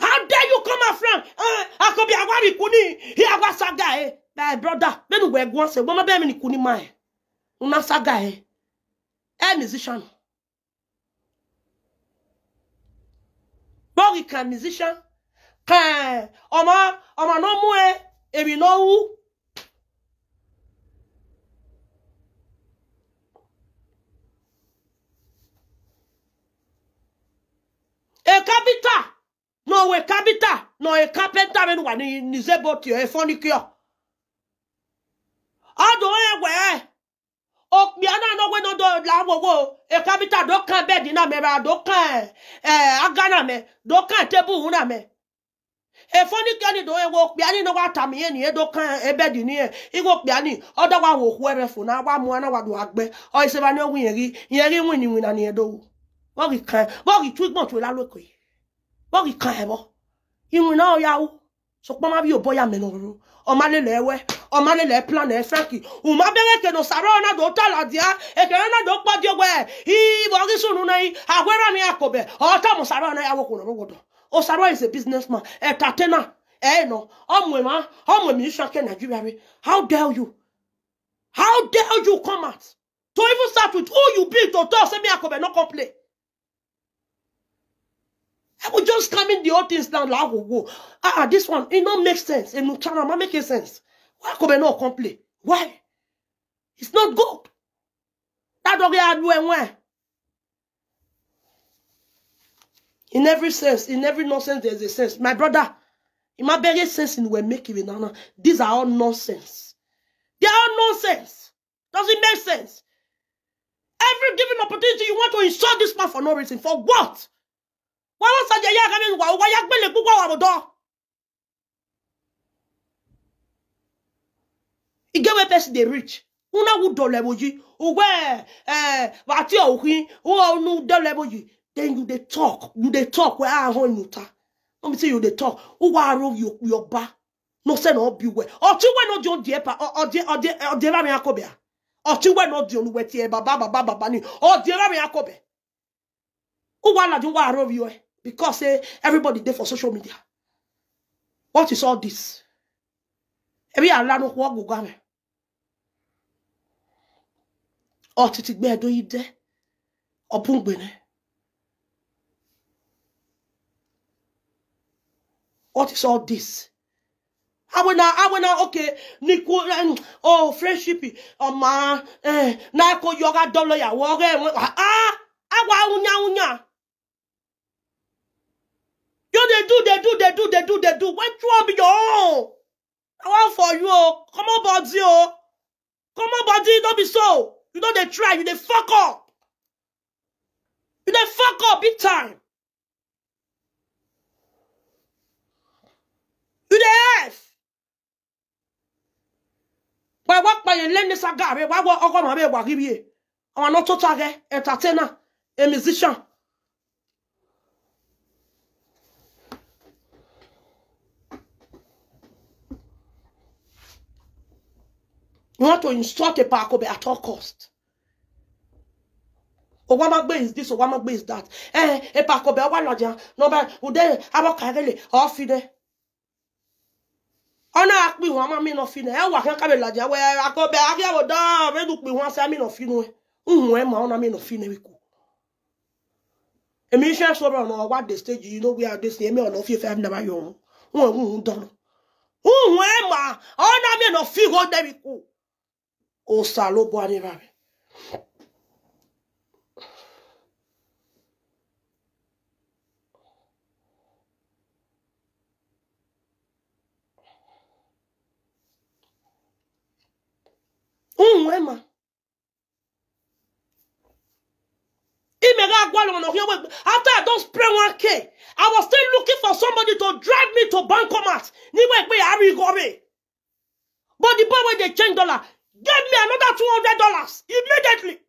How dare you come out from? Uh, eh, I could be a wari kuni. He I was a guy. Eh? My brother, men were once a woman, men in kuni mai. Eh. Una saga eh. A musician. Boy, can musician. Hey, ọmọ ọmọ no e ẹ èmi e wú. E e a carpenter, no a carpenter, no a carpenter nizebo tí ẹ fọ́nìkíọ̀. Ọdún onye gwe ẹ, òpì aná n'ogwe na efonike ni do ewo kpiani na wata mi eni edo kan ebe di ni e igo kpiani oda wa wo ku ere fun na wa mu na wa do agbe o ise ba ni ogun yen ri win ni win na ni edo wo ri kan wo ri tu igbon tu e la loko yi wo ri kan ebo iwin na o ya o so pon ma bi o boya mi no ru o ma le lewe o ma le le plan e franki o ma bere ke no saro na do ta la dia e ke na do pa di ogwe i bo ri sunu na yi agwera ni akobe o ta mo saro na ya wo ku no wo do Osaro is a businessman, entertainer. Eh, eh no, omwema, omwemi shake Nigeria. How dare you? How dare you come out? To even start with who you be to talk, say me I no complain. I will just in the old things down. Like, oh, ah, this one, it don't make sense. It not channel, not make sense. Why come and not complain? Why? It's not good. That dog had when when. In every sense, in every nonsense, there's a sense. My brother, in my very sense, in we're making it, these are all nonsense. They are all nonsense. it make sense. Every given opportunity, you want to insult this man for no reason. For what? Why was that? e get where person dey reach una wo dọlẹ wo yi owe ẹ wàtí ọhún wọn ọnu dọlẹ wo yi then you they talk you they talk wey ahụ nyụta Let me say you they talk Who are you? Your yoba no say na ọ bi Or ọchị nwe na ọdị dear epa ọdị or ya kọbịa ọchị nwe na ọdị onuwe tie baba baba baba ni Or dear me kọbịa Who na dị nwa arụ you? E? because eh, everybody dey for social media what is all this Every ebe ya lanụ kwụ ọgwụ gwa m ọtịtị gbe edo ide ọpụ mgbene What is all this? I wanna, I wanna, okay, Nico, and um, oh, friendship, oh ma, eh, Nako yoga dollar, ya, wore, ah, ah. awa unya unya. Yo, they do, they do, they do, they do, they do. When you want be your own, I want for you, Oh, come on, buddy. oh, come on, buddy. don't be so. You know they try, you they fuck up. You they fuck up big time. You dey F. Why what by your name is a guy? Why what I come here? Why give you? I'm not eh, entertainer, a musician. You want to instruct a Pakobe at all cost. Owamagbe is this, Owamagbe is that. Eh, a Pakobe, Owalaja, no, but, Ude, Abokagele, Fide? ọ̀nà àpihàn àmà mí nàfin ẹ̀ wà kí n a làjẹ́ wẹ̀ àkọ́bẹ̀ akíyàwó dáa mẹ́tò pihàn àṣẹ àmì nàfin ẹ̀ nhùn ẹ̀ mà ọ̀nà mí nàfin ẹ̀ kù. èmi iṣẹ́ sọ̀rọ̀ no ọ̀wá e dé e stage yìí ló wí adé sí ẹ̀mí ọ̀nà fífẹ́ ẹ̀mí nàbà yọ̀ ọ̀hún ọ̀hún ọ̀hún unwema after I don't spray 1k, I was still looking for somebody to drive me to bankomat. But the boy when they change dollar gave me another 200 dollars immediately.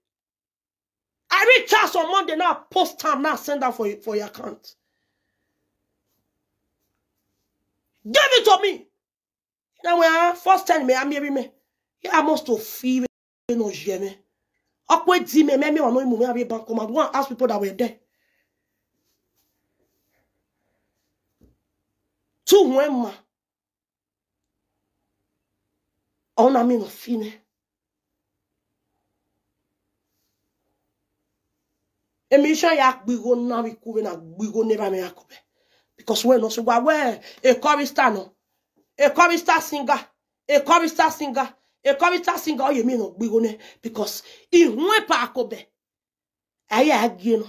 I recharge on Monday now, post time now, send that for, for your account. Give it to me. Now, first time, me, I'm me. I must to feel no jeme. Okwe di me me me wano imu me abe bank command. Go and ask people that were there. Two wema. Ona oh, mi no fine. Emi ya gbigo na mi kube na gbigo neba me akube. Because we no so wa we a chorister no. A chorister singer. A chorister singer. You you oh, you mean oh, Because ekọrịta si ga oyemi na ogbigone bikos ihuwepa akụbe anyị agị nọ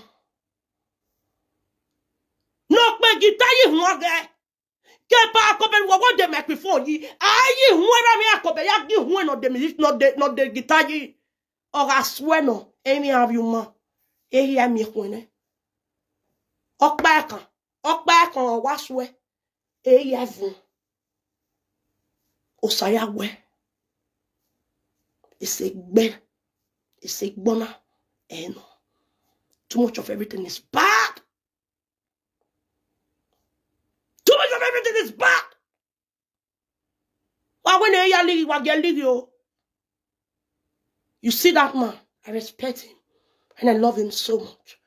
n'okpe gị taa ihu oge kepa akụbe ngwọgwọ demekpi fon yi anyị not the akụbe ya gị ihuwe nọde gị taa yi ọ ga-asụwe nọ emi abịụma ehi ya mekwene ọkpa kan ọkpa kan ọwa sụwe ehi ya vụ ụsa ya gwee Esegbe. Esegbona. Eno. Too much of everything is bad. Too much of everything is bad. Why when they are leaving, why they leave you? You see that man, I respect him and I love him so much.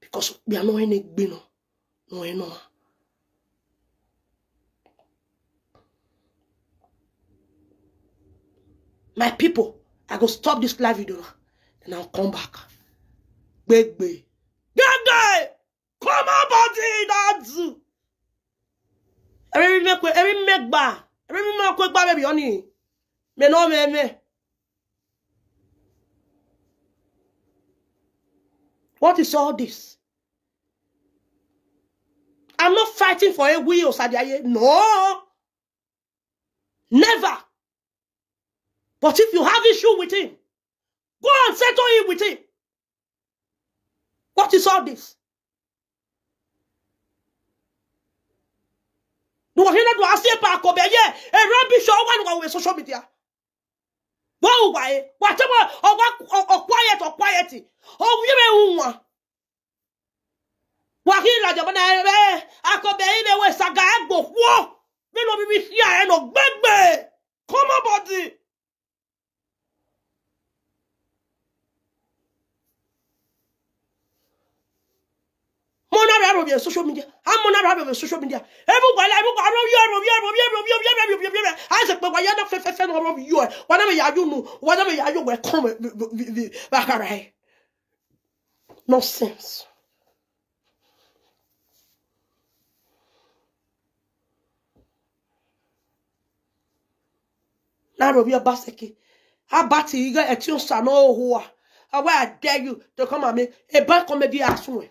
Because we are not any a bino, no, no. my people i go stop this live video and i'll come back gbegbe gbegbe come on body dadu every mekwe every make megba every mekwe gba baby honey me no me me what is all this i'm not fighting for a wheel sadiaye no never But if you have issue with him, go and settle it with him. What is all this? wọ́n hin do ase pa akọbẹ yẹ ẹran bi sọ wà ní wà social media wọ́n wù wáyé wà tẹ́ wọ́n ọwọ́ ọ̀kwáyẹ̀tì ọ̀kwáyẹ̀tì ọ̀hún yẹ́ bẹ́ẹ̀ hùwà wọ́n hin ìrìnàjò bọ́nà ẹ̀rẹ́ akọbẹ yìí bẹ́ẹ̀ wọ ìsàgà ẹ̀gbọ̀ wọ́ nínú bíbí sí àyẹ̀nà Monara of your social media. I'm Monara of your social media. Everybody, everybody, I said, but why not fair fan of you? Whatever you are, you know, whatever you are, you will come back. All right. Nonsense. Now, be a basket. How about you got a tune? I know who I dare you to come at me. A bank comedy, I swear.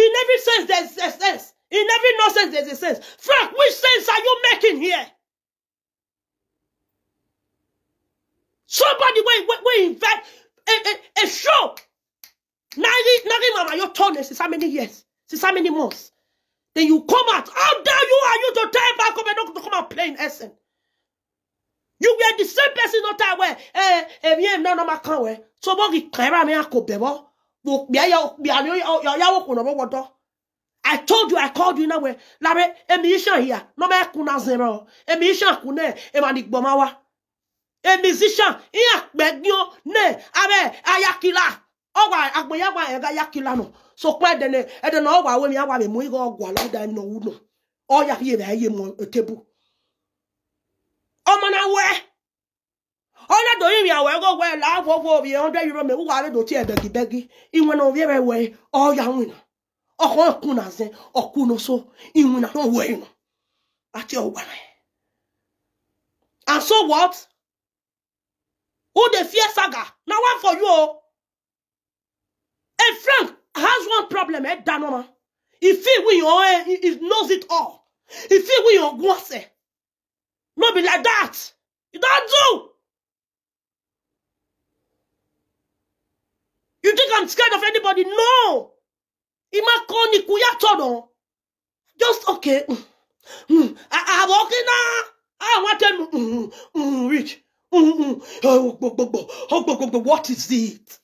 In every sense, there's a sense. In every nonsense, there's a sense. Frank, which sense are you making here? Somebody will, will, will invent a, a, a show. Nari Mama, you your turn since how many years? Since how many months? Then you come out. How dare you are you to turn back up and not to come out playing in Essen? You were the same person not that way. Eh, eh, yeah, no, no, my can't wear. So, what you can't, I I could be more. I told you, I called you in a way. Labe, emishan here. No me kuna zero. Emishan kune, emanik bomawa. Emishan, iya begyo, ne, abe, ayakila. Owa, akbo yawa, ega yakila no. So kwe dene, eden owa, awa, me ogwa, no uno. Oya ye mo, tebu. Omana we, ọlẹ do iri awẹ gogo ẹ laafọ fọ obi ọdẹ yìí rọmẹ wúwa alẹ do tí ẹ bẹgi bẹgi ìwọn náà òbí ẹ bẹ wẹ wìnà ọkọ ẹkùn náà zẹ ọkùn náà so ìwìn náà wẹ ìnà àti ọgbà náà and so what who dey fear saga na one for you o oh. a frank has one problem ẹ eh, dáná ma he ìwìn yàn ọ he knows it all ìfi ìwìn yàn gún ọsẹ no be like that you don do. You think I'm scared of anybody? No. Ima koni kuya tono. Just okay. Mm, I, have okay now. I want them mm, mm, rich. Mm, mm. mm. Oh, bo, bo, bo. Oh, bo, bo, bo. What is it?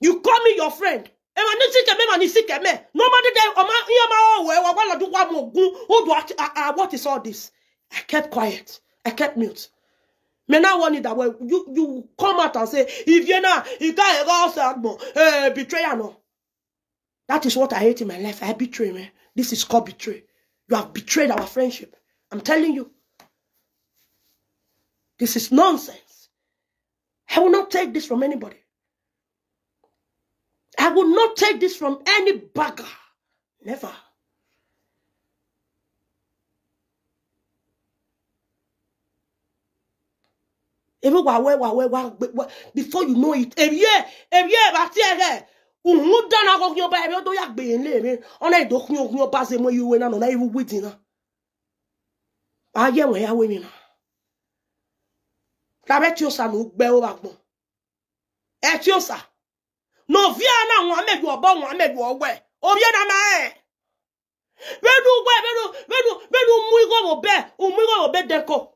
You call me your friend. Ẹ̀ma ní sí kẹ̀mẹ́ ma ní sí kẹ̀mẹ́. Normally dem ọ̀ma iye ma ọ̀wẹ̀ wà wà lọ́dún wà mọ̀ ogun. Ó dùn àti what is all this? I kept quiet. I kept mute. Mais now it that way you you come out and say if you're not you can't also uh, eh, betrayer no. That is what I hate in my life. I betray man. This is called betray. You have betrayed our friendship. I'm telling you. This is nonsense. I will not take this from anybody. I will not take this from any bagger. Never. ebe wa we wa we wa before you know it ebe ebe ba ti ere uhun dana ko kin oba ebe to ya gbe le mi ona ido kun okun oba se mo yuwe na na iwu witi na aye won ya we mi na tabe ti o sa nu gbe o ba gbon e ti o sa no via na won amedu obo won amedu owe obi e na ma e bedu gbe bedu bedu bedu mu iko mo be o mu iko mo be deko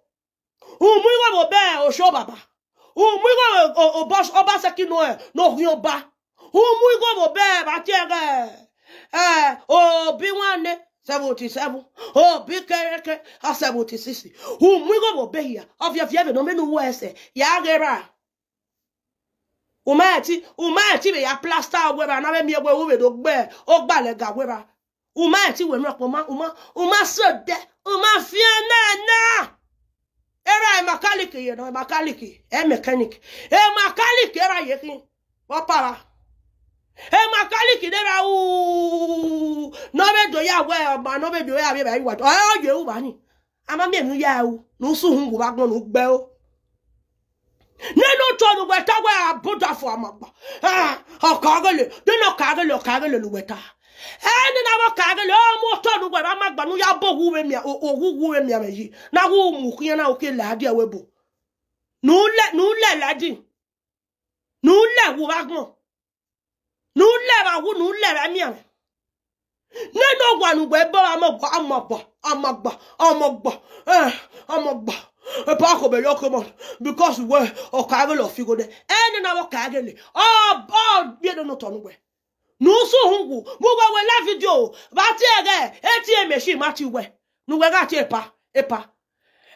umuiwa bobe osho baba o obosh oba sekino e no hion ba umuiwa bobe batiere eh obi wane 77 obi kereke a ti 76 umuiwa bobe ya ofia fieve no menu wese ya gera umati umati be ya plaster weba na be mi egwe we do gbe o gba le ga weba umati we mi opo ma uma uma so de uma fiana na era emakaliki yeno mekaniki e mekaniki e mekaniki era yeki wapara e mekaniki dera u nobe do ya we ba nobe do ya be ba iwa o ye u ba ni ama mi ya u no su hun ba gbon no gbe o nínú tóru wẹta wẹ abúdàfọ àmàgbà ọkọ agẹlẹ nínú ọkọ eni na wo kage le omo to nu gbe ba ma gba nu ya bo wu we mi owu wu we mi me yi na wo mu kun na oke la dia we bo nu le nu le ladin nu le wo ba gbon nu le ba wu nu le ra mi ame nínú ọgbà nùgbà ẹbọ amọgbà amọgbà amọgbà amọgbà amọgbà park of eyo come on because we ọkà agẹlẹ ọfigode ẹni náà wọ kà agẹlẹ ọ ọ gbẹdọ nù tọnu wẹ. n'usuhungwu mụgwawela vidio batiege etie meshi mati uwe nuwegachi epa epa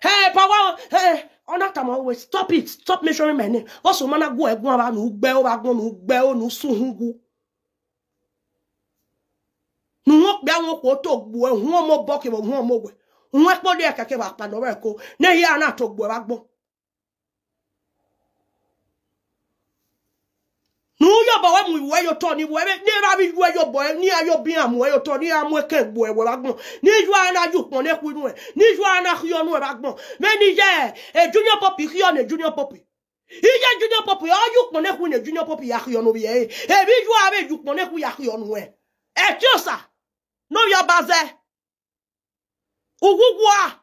hey pawa hey ọnata ma owe stop it stop measuring my name ọsọ mana gwụ egwu aba na ugbe ụba na ugbe onu suhungwu nuwokpia nwokwu otu ogbuwe hụọ mobọkị bụ hụọ mogwe nwa ekpọdụ ya kakeba kpanọrọ eko n'ehi a na-atọ ogbuwe nuyo ba we mu we yo to ni we ne ra bi we yo bo ni ayo bi amu we yo to ni amu ke gbo e wo ba gbon ni ju ana ju pon ne ku nu e ni ju ana khio nu e ba gbon me ni je e junior popi khio ne junior popi iye junior popi o ju pon ne ku ne junior popi ya khio nu bi e e bi ju abe ju pon ne ku ya khio nu e e tiosa no yo baze ugugwa